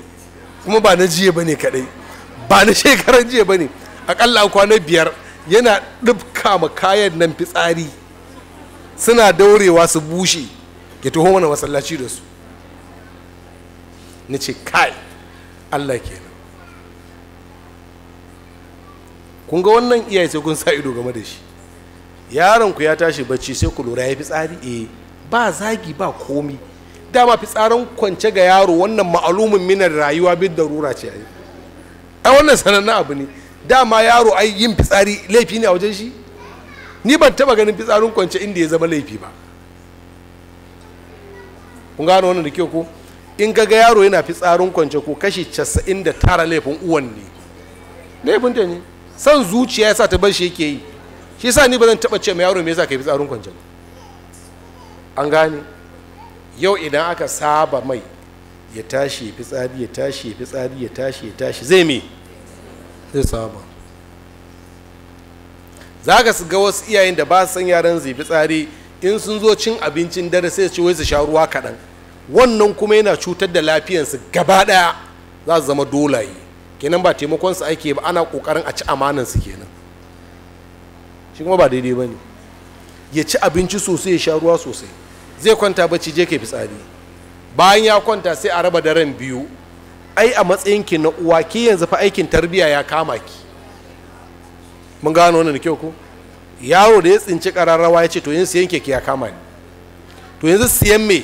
kuma ba na jiya ba ne kaɗai ba na shekaran jiya ba ne aƙalla kwana biyar yana ɗibka ma kayan nan fitsari suna daurewa su bushe ya taho mana masallaci da su na ce kai allah kenan kun ga wannan iyaye sai kun sa ido game da shi yaron ku ya tashi bacci sai ku lura ya fi tsari eh ba zagi ba komi dama fitsarin kwance ga yaro wannan ma'alumin minar rayuwa bin darura ce ai a wannan sanannen abu ne dama yaro ai yin fitsari laifi ne a wajen shi ni ban taba ganin fitsarin kwance inda ya zama laifi ba kun gano wannan da kyau ko in ga yaro yana fitsarin kwance ko kashi 99 laifin uwan ne laifin ta ne san zuciya yasa ta bar shi yake yi shi yasa ni ba zan taba ce ma yaro me yasa kai fitsarin kwance an gane yau idan aka saba mai ya tashi ya fitsari ya tashi ya fitsari ya tashi ya tashi zai me zai saba za ka ga wasu iyayen da ba su san yaran zai fitsari in sun zo cin abincin dare sai su wai su sha ruwa kaɗan wannan kuma yana cutar da lafiyansu gaba ɗaya za su zama dolaye kenan ba taimakon su ake ba ana ƙoƙarin a ci amanan su kenan shi kuma ba daidai ba ne ya ci abinci sosai ya sha ruwa sosai zai kwanta bacci je ke fitsari bayan ya kwanta sai a raba daren biyu ai a matsayinki na uwa ki yanzu fa aikin tarbiya ya kama ki mun gano wannan kyau ko yaro da ya tsinci kararrawa ya ce to yanzu siyan keke ya kama ni to yanzu siyan me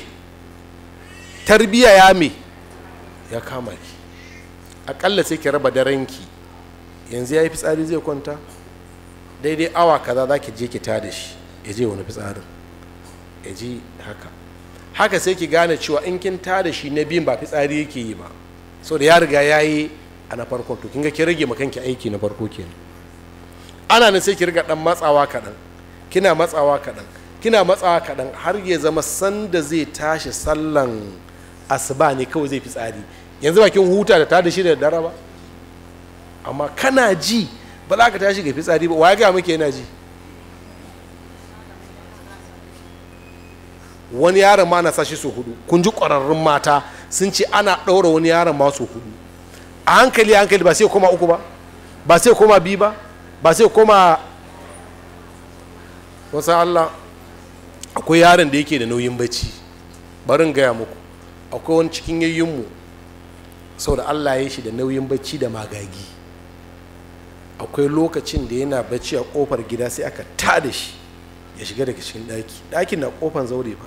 tarbiya ya me ya kama ki akalla sai ki raba daren ki yanzu ya yi fitsari zai kwanta daidai awa kaza za ki je ki tada shi ya je wani fitsarin ya ji haka haka sai ki gane cewa in kin tada shi na biyun ba fitsari yake yi ba so da ya riga ya yi a na farko to kin ga ki rage kanki aiki na farko kenan ana nan sai ki riga dan matsawa kaɗan kina matsawa kaɗan kina matsawa kaɗan har ya zama sanda zai tashi sallan asuba ne kawai zai fitsari yanzu ba kin huta da tada shi da dare ba amma kana ji ba za ka tashi ga fitsari ba wa ya gaya muke yana ji wani yaron ma na sashi su hudu kun ji ƙwararrun mata sun ce ana ɗaura wani yaron ma su hudu a hankali a hankali ba sai koma uku ba ba sai koma biyu ba ba sai koma wasu allah akwai yaron da yake da nauyin bacci barin gaya muku akwai wani cikin yayyinmu sau da allah ya shi da nauyin bacci da magagi akwai lokacin da yana bacci a kofar gida sai aka da shi ya shiga daga cikin ɗaki ɗakin na kofan zaure ba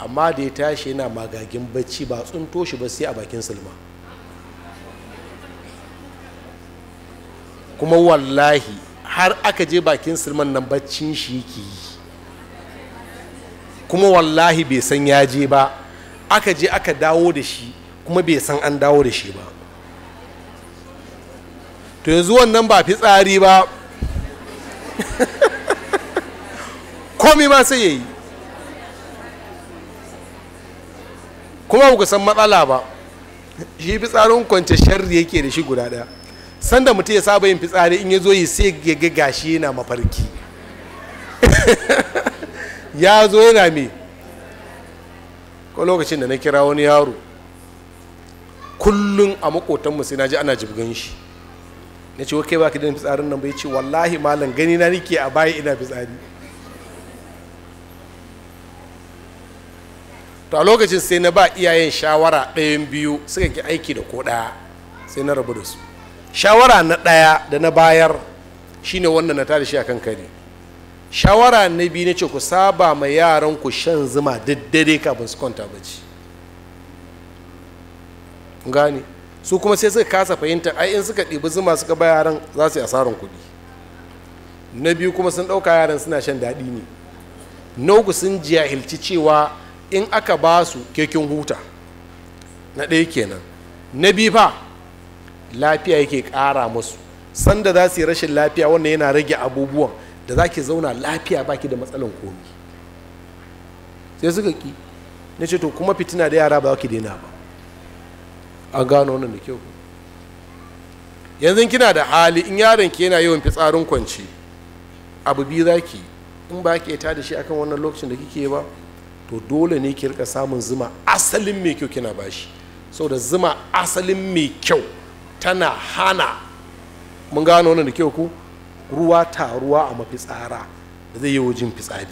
amma da ya tashi yana magagin bacci ba tsunto shi ba sai a bakin sulma kuma wallahi har aka je bakin sulman nan baccin shi yake yi kuma wallahi bai san ya je ba aka je aka dawo da shi kuma bai san an dawo da shi ba to yanzu wannan ba fitsari ba komi ma sai ya yi kuma ku san matsala ba shi fitsarin kwance sharri yake da shi guda ɗaya sanda mutum ya saba yin fitsari in ya zo yi sai ya ga gashi yana mafarki ya zo yana me ko lokacin da na kira wani yaro kullum a makotanmu sai na ji ana jibgan shi na ce wa kai ba ka da fitsarin nan bai ce wallahi malam gani na nike a baya ina fitsari to a lokacin sai na ba iyayen shawara ɗayan biyu suka ki aiki da ko ɗaya sai na rabu da su shawara na ɗaya da na bayar shine wannan na tada shi a kan kare shawara na biyu na ce ku saba ma yaran ku shan zuma daddare kafin su kwanta bacci gani su kuma sai suka kasa fahimta ai in suka ɗibi zuma suka ba yaran za su yi asarar kuɗi na biyu kuma sun ɗauka yaran suna shan daɗi ne na uku sun jahilci cewa in aka ba su kekin huta na ɗaya kenan na biyu fa lafiya yake ƙara musu sanda za su yi rashin lafiya wannan yana rage abubuwan da za ki zauna lafiya ba ki da matsalan komi sai suka ki na ce to kuma fitina da yara ba ki daina ba a gano wannan da kyau yanzu kina da hali in yaron ki yana yawan fitsarin kwanci abu biyu za ki in ba ki ta da shi akan wannan lokacin da kike ba to dole ne ki rika samun zuma asalin mai kyau kina bashi saboda zuma asalin mai kyau tana hana mun gano wannan da kyau ko ruwa taruwa a mafitsara da zai yi wajen fitsari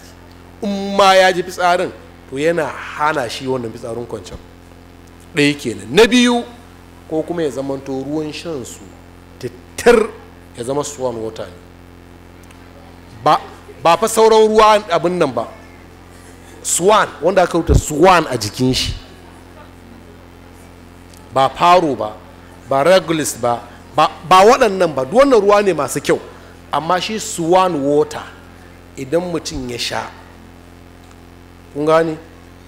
in ma ya ji fitsarin to yana hana shi wannan fitsarin kwancan ɗaya kenan na biyu ko kuma ya zamanto ruwan shan su tittir ya zama swan water ne ba fa sauran ruwa abin nan ba swan wanda aka rubuta swan a jikin shi ba faro ba ba regulus ba ba waɗannan ba duk wannan ruwa ne masu kyau amma shi swan water idan mutum ya sha kun gane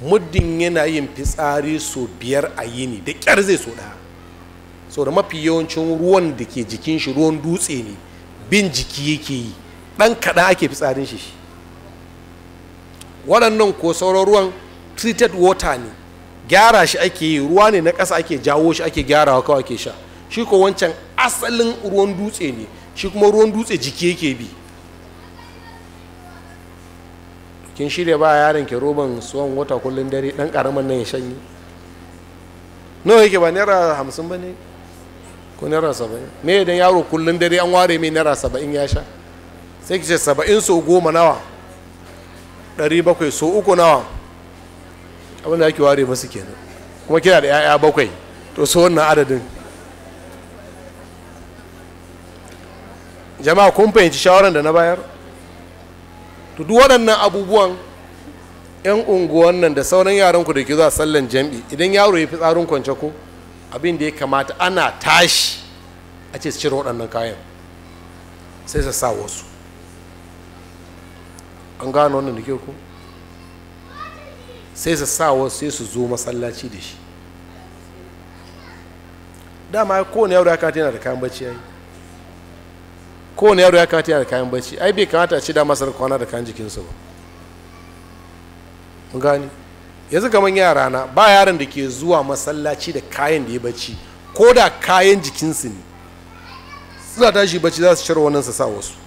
muddin yana yin fitsari so biyar a yini da kyar zai so ɗaya so da mafi yawancin ruwan da ke jikin shi ruwan dutse ne bin jiki yake yi ɗan kaɗan ake fitsarin shi waɗannan ko sauran ruwan treated water ne gyara shi ake yi ruwa ne na ƙasa ake jawo shi ake gyarawa kawai ake sha shi ko wancan asalin ruwan dutse ne shi kuma ruwan dutse jiki yake bi kin shirya ba yaron ke roban suwan wata kullum dare ɗan ƙaramin nan ya shanye nawa yake ba naira hamsin ba ne ko naira saba'in me idan yaro kullum dare an ware mai naira saba'in ya sha sai ki ce saba'in so goma nawa 700 so uku nawa abinda ake ware masu kenan kuma kina da 'ya'ya bakwai to so wannan adadin jama'a kun fahimci shawarar da na bayar to duk waɗannan abubuwan 'yan unguwan nan da sauran yaranku da ke zuwa sallan jam'i idan yaro ya fi tsarin kwance ko abin da ya kamata ana tashi a ce su cire waɗannan kayan sai su sa wasu an gano wannan da ke ku sai su sa wasu sai su zo masallaci da shi dama kowane yaro ya kamata yana da kayan bacci yi kowane yaro ya kamata yana da kayan bacci ai bai kamata a ce dama sarar kwana da kayan jikinsu ba mun gani yanzu kamar yara na ba yaron da ke zuwa masallaci da kayan da ya bacci ko da kayan jikinsu ne suna tashi bacci za su shirwa wannan su sa wasu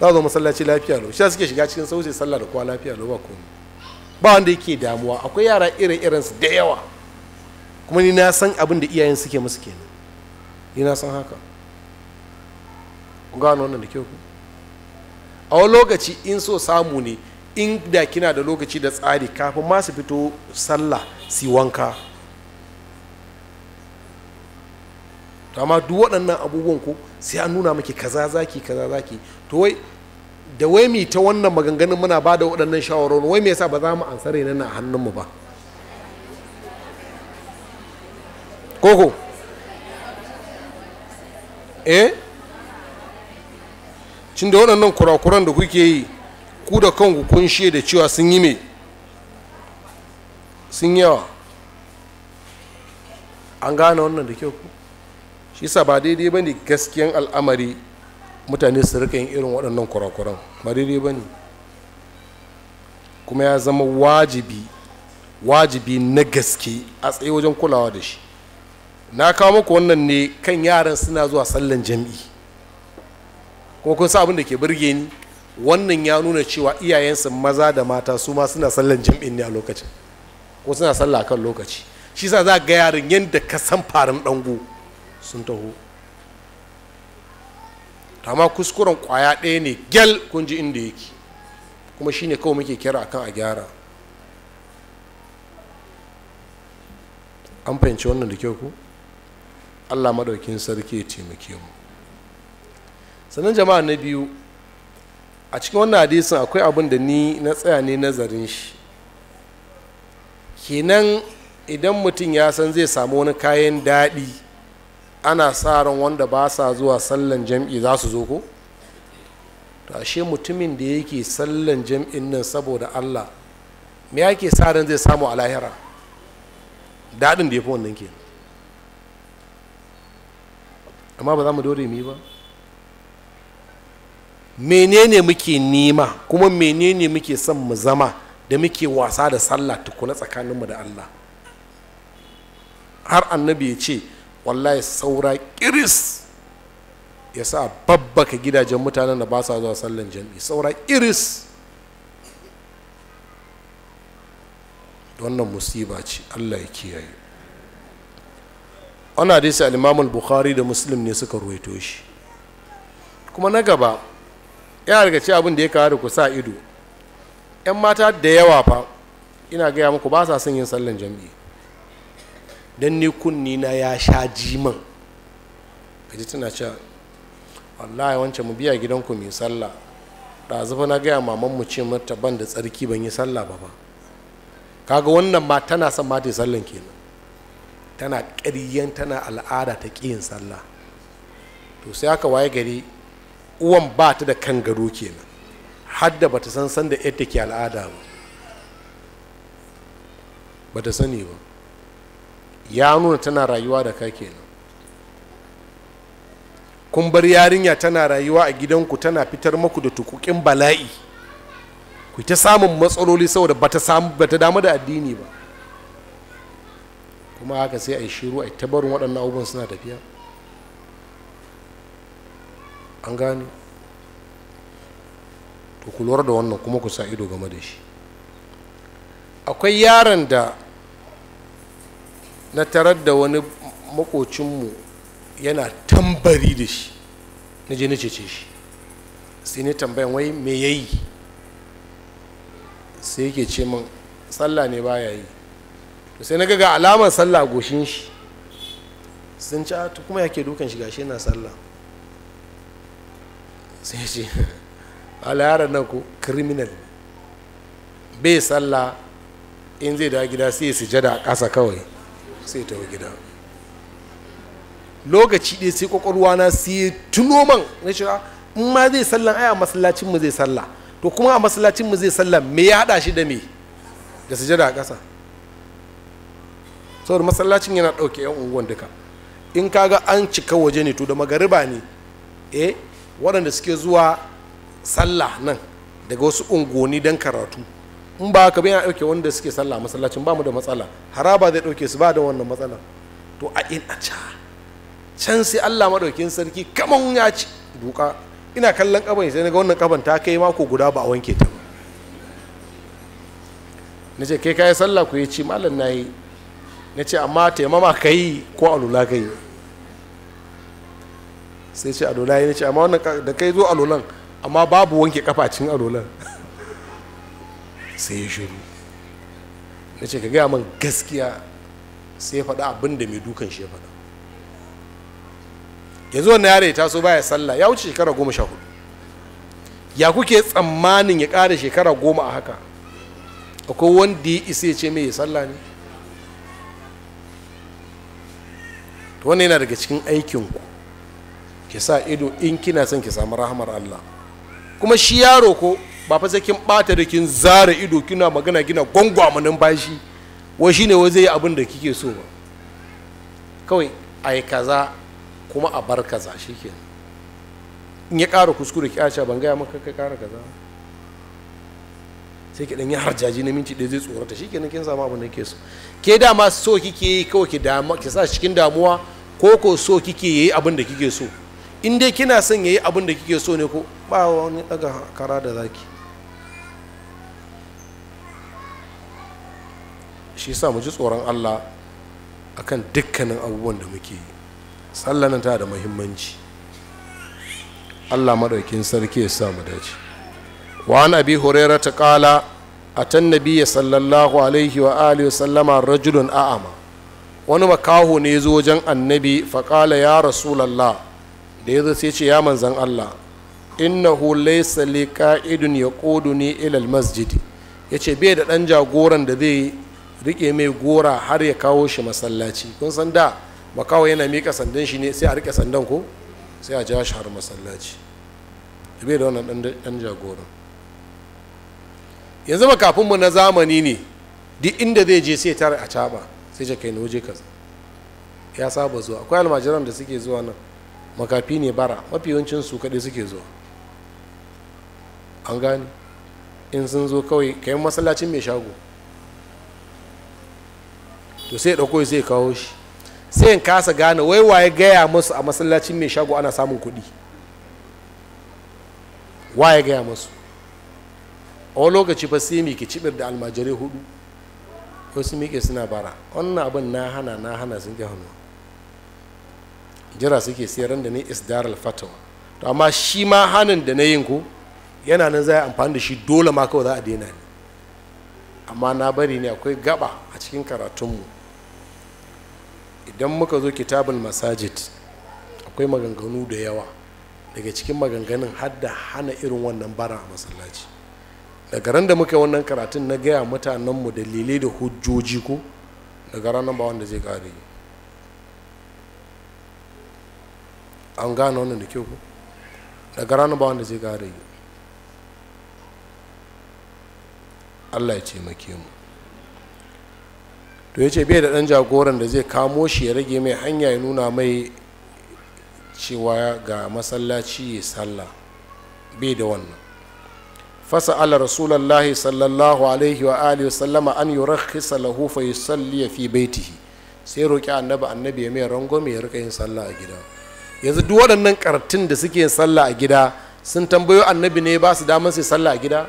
za zo masallaci lafiya lau shi suke shiga cikin sauce sallah da kowa lafiya lau ba komai ba wanda yake damuwa akwai yara irin irin su da yawa kuma ni na san abin da iyayen suke musu kenan ni na san haka kun gano wannan da kyau a wani lokaci in so samu ne in da kina da lokaci da tsari kafin ma su fito sallah si wanka amma duk waɗannan abubuwan ku sai an nuna maki kaza zaki kaza zaki to wai da wai mi ta wannan maganganun muna ba da waɗannan shawarwari wai me yasa ba za mu ansa nan a hannunmu ba koko eh cin da waɗannan kurakuran da kuke yi ku da kanku kun shi da cewa sun yi me sun yawa an gane wannan da kyau shi sa ba daidai ba ne gaskiyan al'amari mutane su rika yin irin waɗannan kurakuran ba daidai ba ne kuma ya zama wajibi wajibi na gaske a tsaye wajen kulawa da shi na kawo muku wannan ne kan yaran suna zuwa sallan jam'i ko kun sa abin da ke birge ni wannan ya nuna cewa iyayensu maza da mata su ma suna sallan jami'i ne a lokacin ko suna sallah kan lokaci shi sa za ga yaran yadda ka san farin dango sun taho amma kuskuren kwaya ɗaya ne gyal kun ji inda yake kuma shi ne kawai muke kira akan a gyara an fahimci wannan da kyau ku allah maɗaukin sarki ya taimake mu sannan jama'a na biyu a cikin wannan hadisin akwai abin da ni na tsaya ne nazarin shi kenan idan mutum ya san zai samu wani kayan daɗi ana sa ran wanda ba sa zuwa sallan jam'i za su zo ko ashe mutumin da yake sallan jam'in nan saboda allah me yake sa ran zai samu a lahira daɗin da ya fi wannan ke amma ba za mu dore mu yi ba menene muke nema kuma menene muke son mu zama da muke wasa da sallah tukuna tsakaninmu da allah har annabi ya ce wallahi saura iris ya sa babbaka gidajen mutanen da ba sa zuwa sallan jami'i saura kiris wannan musiba ce allah ya kiyaye wani hadisi al bukhari da muslim ne suka ruwaito shi kuma na gaba ya daga ce abin da ya kawo da ku sa ido 'yan mata da yawa fa ina gaya muku ba sa son yin sallan jami'i don ne kunni na ya sha jiman kaji tana cewa wallahi wancan mu biya gidanku mai sallah ɗazufa na gaya maman mu ce mata ban da tsarki ban yi sallah ba ba kaga wannan ma tana son ma ta yi sallan kenan tana ƙaryen tana al'ada ta ƙiyin sallah to sai aka waye gari uwan ba ta da kan gado kenan hadda ba ta san san da ita ke al'ada ba ba ta sani ba ya nuna tana rayuwa da ka kenan kun bar yarinya tana rayuwa a gidanku tana fitar maku da tukukin bala'i ku ta samun matsaloli saboda ta samu ta damu da addini ba kuma haka sai a yi shiru a tabarun waɗannan abubuwan suna tafiya an gane to ku lura da wannan kuma ku sa ido game da shi akwai yaron da na tarar da wani makocinmu yana tambari da shi na je na cece shi sai ne tambayan wai me ya yi sai yake ce min sallah ne baya yi sai na ga alamar sallah goshin shi sun ci ah, to kuma yake dukan shi gashi yana sallah sai ya ce alayarar nan ko criminal bai sallah in zai da gida sai ya sujada a ƙasa kawai sai ta gida lokaci ɗaya sai kwakwalwa na sai tuno man na ah, in ma zai sallan ai a masallacin mu zai salla to kuma a masallacin mu zai salla me ya haɗa shi da me da sujada a ƙasa saboda masallacin yana ɗauke yan unguwan duka in kaga an cika waje ne to da magariba ne e waɗanda suke zuwa salla nan daga wasu unguwanni don karatu in ba haka ba yana ɗauke wanda suke sallah masallacin ba mu da matsala haraba zai ɗauke su ba da wannan matsala to a in a ca can sai allah maɗaukin sarki kaman ya ci duka ina kallon kaban sai naga wannan kaban ta kai mako guda ba a wanke ta na ce kai kayi sallah ku yi ci malam na yi na ce amma taimama ka yi ko lula ka yi sai ce lula yi na ce amma wannan da kai zo lulan amma babu wanke kafacin lulan sai ya shiru na ce ka gaya man gaskiya sai ya faɗi abin mai dukan shi ya faɗa yanzu wannan yare ya taso baya sallah ya wuce shekara goma sha hudu ya kuke tsammanin ya ƙara shekara goma a haka akwai wanda ya isa ya ce mai ya sallah ne wannan yana daga cikin aikinku ki sa ido in kina son ki samu rahamar allah kuma shi yaro ko ba fa sai kin bata da kin zara ido kina magana gina gwangwamanin bashi wa shine wai zai yi abin da kike so ba kawai a yi kaza kuma a bar kaza shike in ya ƙara kuskure ki aca ban gaya maka ka ƙara kaza sai ki dan yi harjaji na minti ɗaya zai tsorata shikenan kin samu abin da kike so ke dama so kike yi kawai ki dama ki sa cikin damuwa ko ko so kike yi abin da kike so in dai kina son yayi abin da kike so ne ko ba wani daga kara da zaki shi sa mu ji tsoron allah akan dukkanin abubuwan da muke yi sallanan ta da muhimmanci allah madaukin sarki ya sa mu dace wa an abi huraira ta ƙala a tan nabiya sallallahu alaihi wa alihi sallama rajulun a'ama wani makaho ne ya zo wajen annabi faƙala ya lalla, da ya zo sai ce ya manzan allah innahu laysa ya ƙudu yaquduni ila masjidi. Ya yace bai da dan jagoran da zai rike mai gora har ya kawo shi masallaci kun san da ba kawo yana miƙa sandan shi ne sai a rike sandan ko sai a ja shi har masallaci bai da wannan ɗan jagoran yanzu ba kafin mu na zamani ne duk inda zai je sai tare a caba sai ce kai na waje kaza ya saba zuwa akwai almajiran da suke zuwa nan makafi ne bara mafi yawancin su kaɗai suke zuwa an gane in sun zo kawai kayan masallacin mai shago to sai ɗauko sai kawo shi sai in kasa gane wai waye gaya musu a masallacin mai shago ana samun kuɗi waye gaya musu a wani lokaci fa sai mike cibir da almajirai hudu su mike suna bara wannan abin na hana na hana sun ga hannu jira suke sayar da ne isdar alfatawa to amma shi ma hannun da na yin ko yana nan za a amfani da shi dole ma kawai za a daina ne amma na bari ne akwai gaba a cikin karatunmu idan muka zo kitabul masajid akwai maganganu da yawa daga cikin maganganun hadda hana irin wannan bara a masallaci daga ran da muka wannan karatun na gaya mutanenmu dalilai da hujjoji ko daga ranar ba wanda zai kare yi an gane wannan da kyau ko daga ranar ba wanda zai kare yi allah ya ce mu to ya ce bai da ɗan jagoran da zai kamo shi ya rage mai hanya ya nuna mai cewa ga masallaci ya sallah bai da wannan fasa ala rasulallah sallallahu alaihi wa alihi sallama an yurakhisa lahu fa yusalli fi baitihi sai roki annabi annabi ya mai rangwame ya rika yin sallah a gida yanzu duk waɗannan kartin da suke yin sallah a gida sun tambayo annabi ne ba su damar su sallah a gida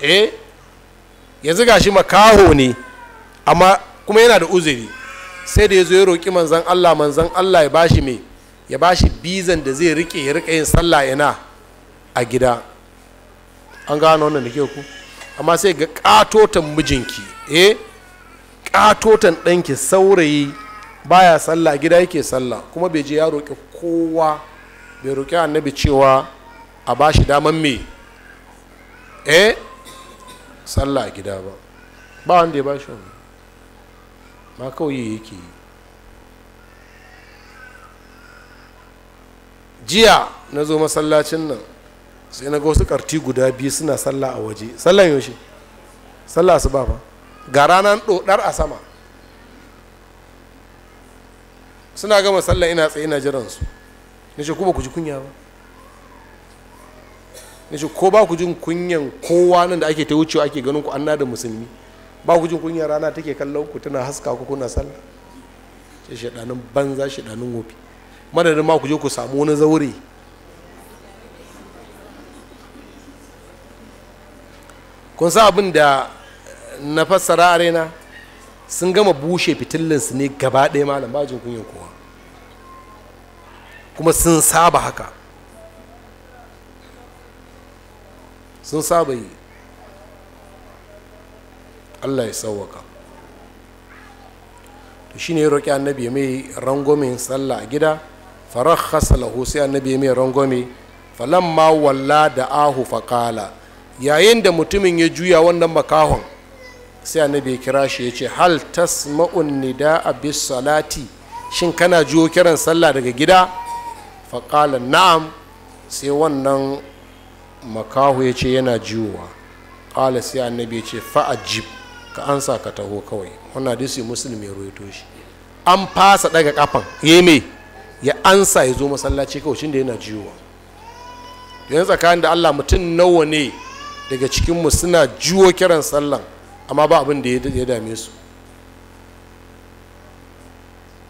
eh yanzu gashi makaho ne amma kuma yana da uzuri sai da ya zo ya roƙi manzan allah manzan allah ya bashi me ya bashi bizan da zai rike ya rika yin sallah yana a gida an gano wannan da ke ku amma sai ga ƙatotan mijinki eh ƙatotan ɗanki saurayi baya sallah gida yake sallah kuma bai je ya roƙi kowa bai roƙi annabi cewa a ba shi daman me eh sallah gida ba ba wanda ya ba shi wani ma kauye yake yi jiya na zo masallacin nan sai na ga wasu karti guda biyu suna sallah a waje sallan yaushe sallah su ba fa ga ranar ɗoɗar a sama suna gama sallah ina tsaye ina jiran su na ce ko ba ku ji kunya ba na ce ko ba ku jin kunyan kowa nan da ake ta wucewa ake ganin ku an da musulmi ba ku jin kunya rana take kallon ku tana haska ku kuna sallah ce banza shedanin wofi madadin ma ku je ku samu wani zaure kun sa abin da eh, na fassara a raina sun gama bushe fitillinsu ne gaba ɗaya malam bajin kunya kowa kuma sun saba haka sun saba yi allah ya sauwaka to shi ne roƙi annabi mai rangwamen sallah a gida farar lahu sai annabi mai rangwame falamma walla da ahu faƙala yayin da mutumin ya juya wannan makahon sai annabi ya kira shi ya ce hal tasma'un nida'a bis salati shin kana juyo kiran sallah daga gida faƙala na'am sai wannan makaho ya ce yana juwa ƙala sai annabi ya ce fa'ajib ka ansa ka taho kawai wannan hadisi muslim ya ruwaito shi an fasa daga kafan ya me ya ansa ya zo masallaci kawai shi da yana jiwa yanzu tsakanin da Allah mutum nawa ne daga cikin mu suna jiwo kiran sallan amma ba abin da ya dame su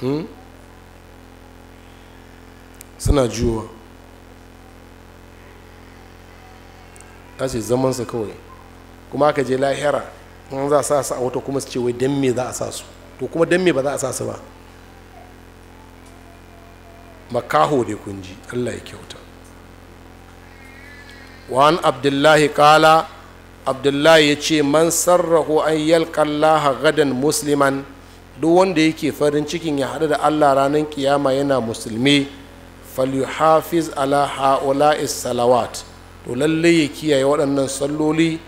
hmm? suna jiwa ta ce zamansa kawai kuma ka je lahira in za a sa su a wata kuma su ce wai dan me za a sa su to kuma dan me ba za a sa su ba makaho da ji allah ya kyauta wa'an abdullahi kala abdullahi ya ce man sarrahu an yalkallaha gadan musliman duk wanda yake farin cikin ya haɗu da allah ranar kiyama yana musulmi falihafiz ala is salawat to lallai ya kiyaye waɗannan salloli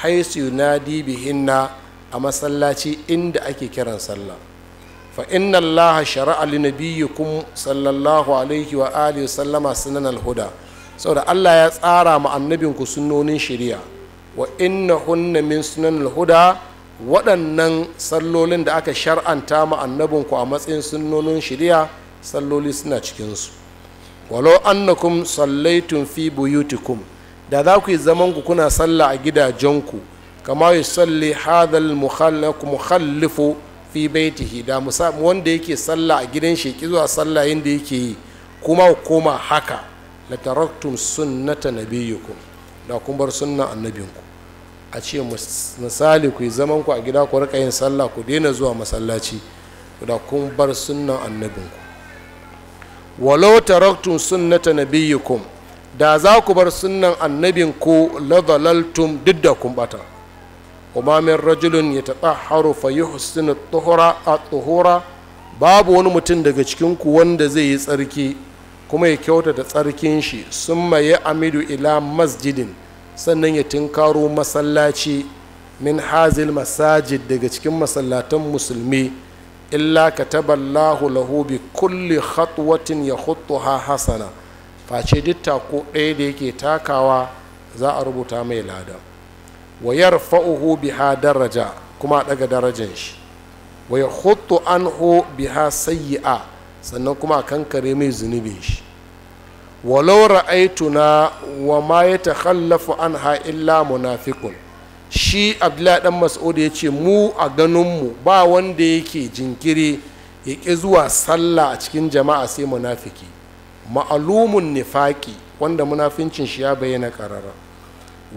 haisu yunadi bihinna a masallaci inda ake kiran sallah fa inna allaha shara'a li nabiyyikum sallallahu alaihi wa alihi sallama sunan alhuda saboda Allah ya tsara ma annabinku sunnonin shari'a wa inna hunna min sunan alhuda waɗannan sallolin da aka shar'anta ma annabinku a matsayin sunnonin shari'a salloli suna cikinsu walau annakum sallaitum fi buyutikum da za ku yi zaman ku kuna sallah a gidajenku kama yi salli hadal muhallifu fi baitihi da musamman wanda yake sallah a gidan shi ki zuwa sallah da yake yi kuma koma haka la taraktum sunnata nabiyyukum da kun bar annabinku a ce misali ku yi zaman ku a gida ku rika yin sallah ku daina zuwa masallaci da kun bar sunnan annabinku walau taraktum sunnata nabiyyukum da za ku bar sunan annabin ku ladalaltum duk da kun bata kuma min rajulun ya taɓa haru fa yi tuhura a tuhura babu wani mutum daga cikin ku wanda zai yi tsarki kuma ya kyautata tsarkin shi sun maye amidu ila masjidin sannan ya tinkaro masallaci min hazil masajid daga cikin masallatan musulmi illa kataballahu lahu bi kulli khatwatin ya hasana face duk ko ɗaya da yake takawa za a rubuta mai lada wa yarfa'uhu biha daraja kuma a ɗaga darajan shi hoto an ho biha sayyi'a sannan kuma a kankare mai zunubin shi walau na wa ma ya takhallafu ha illa munafiqun shi abdullahi dan mas'ud ya ce mu a ganin mu ba wanda yake jinkiri ya ƙi zuwa sallah a cikin jama'a sai munafiki ma'alumun nifaki wanda munafincin shi ya bayyana karara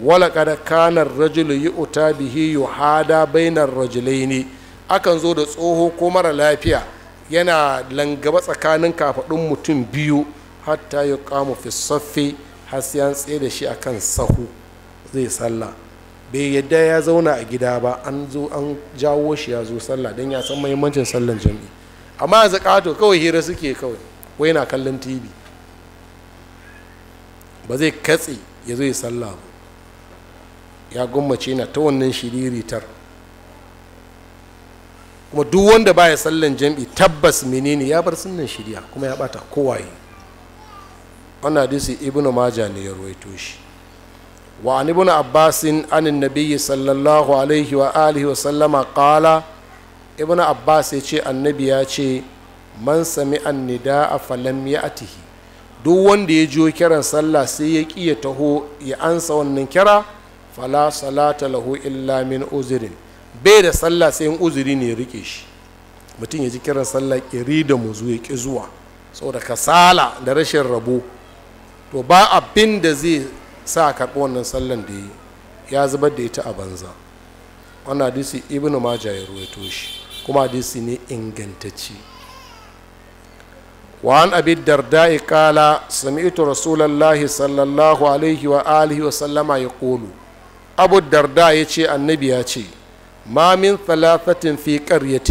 wala kada kanar rajulu yi uta bihi yuhada bainar rajulaini akan zo da tsoho ko mara lafiya yana langaba tsakanin kafaɗun mutum biyu hatta ya kamu fi saffi har sai an tsaye da shi akan sahu zai sallah bai yadda ya zauna a gida ba an zo an jawo shi ya zo sallah don ya san mahimmancin sallan jami'i amma a zakato kawai hira suke kawai wai na kallon tv ba zai katse ya zo ya sallah ba ya gwammace na ta wannan tar kuma duk wanda baya sallan jam'i tabbas menene ya bar sunan shirya kuma ya bata kowaye wannan hadisi ibnu maja ne ya ruwaito shi wa an ibnu abbasin anin nabiyyi sallallahu alaihi wa alihi wa sallama qala ibnu abbas ya ce annabi ya ce man sami an nida'a falam ya'tihi duk wanda ya jiyo kiran sallah sai ya ƙi ya taho ya ansa wannan kira fala salata lahu illa min uzirin bai da sallah sai in uzuri ne ya rike shi mutum ya ji kiran sallah ƙiri da muzu ya ƙi zuwa saboda kasala da rashin rabo to ba abin da zai sa a karɓi wannan sallan da yi ya zubar da ita a banza wannan hadisi ibnu majah ya ruwaito shi kuma hadisi ne ingantacce وعن أبي الدرداء قال سمعت رسول الله صلى الله عليه وآله وسلم يقول أبو الدرداء يتي النبي يتي ما من ثلاثة في قرية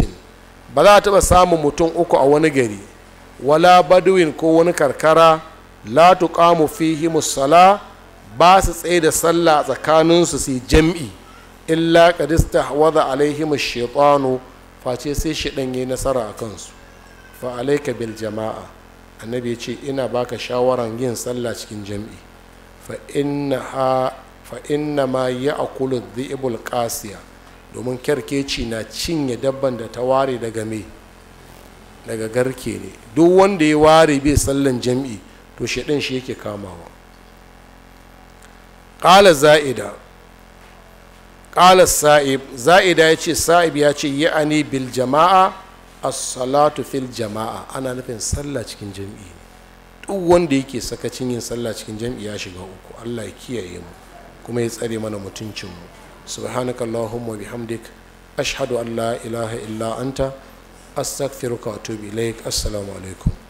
بلا تبا سامو متون أكو أو نجري ولا بدوين كو نكركرا لا تقام فيهم الصلاة باس سيد صلى زكانون سي جمعي إلا قد استحوذ عليهم الشيطان فاتي سي شيطان ينصر أكنسو fa alaika bil jama'a annabi ya ce ina baka shawaran yin sallah cikin jam'i fa inna ma ya akulu dhi'ibul qasiya domin kyarkeci na cinye dabban da ta ware daga me daga garke ne duk wanda ya ware bai sallan jam'i to shaɗin shi yake kamawa ƙala za'ida ƙala sa'ib za'ida ya ce sa'ib ya ce ya'ani bil jama'a as-salatu fil jama'a ana nufin sallah cikin jam'i duk wanda yake sakacin yin sallah cikin jam'i ya shiga uku Allah ya kiyaye mu kuma ya tsare mana mutuncin mu subhanaka allahumma bihamdik ashhadu an la ilaha illa anta astaghfiruka wa atubu ilaik assalamu alaikum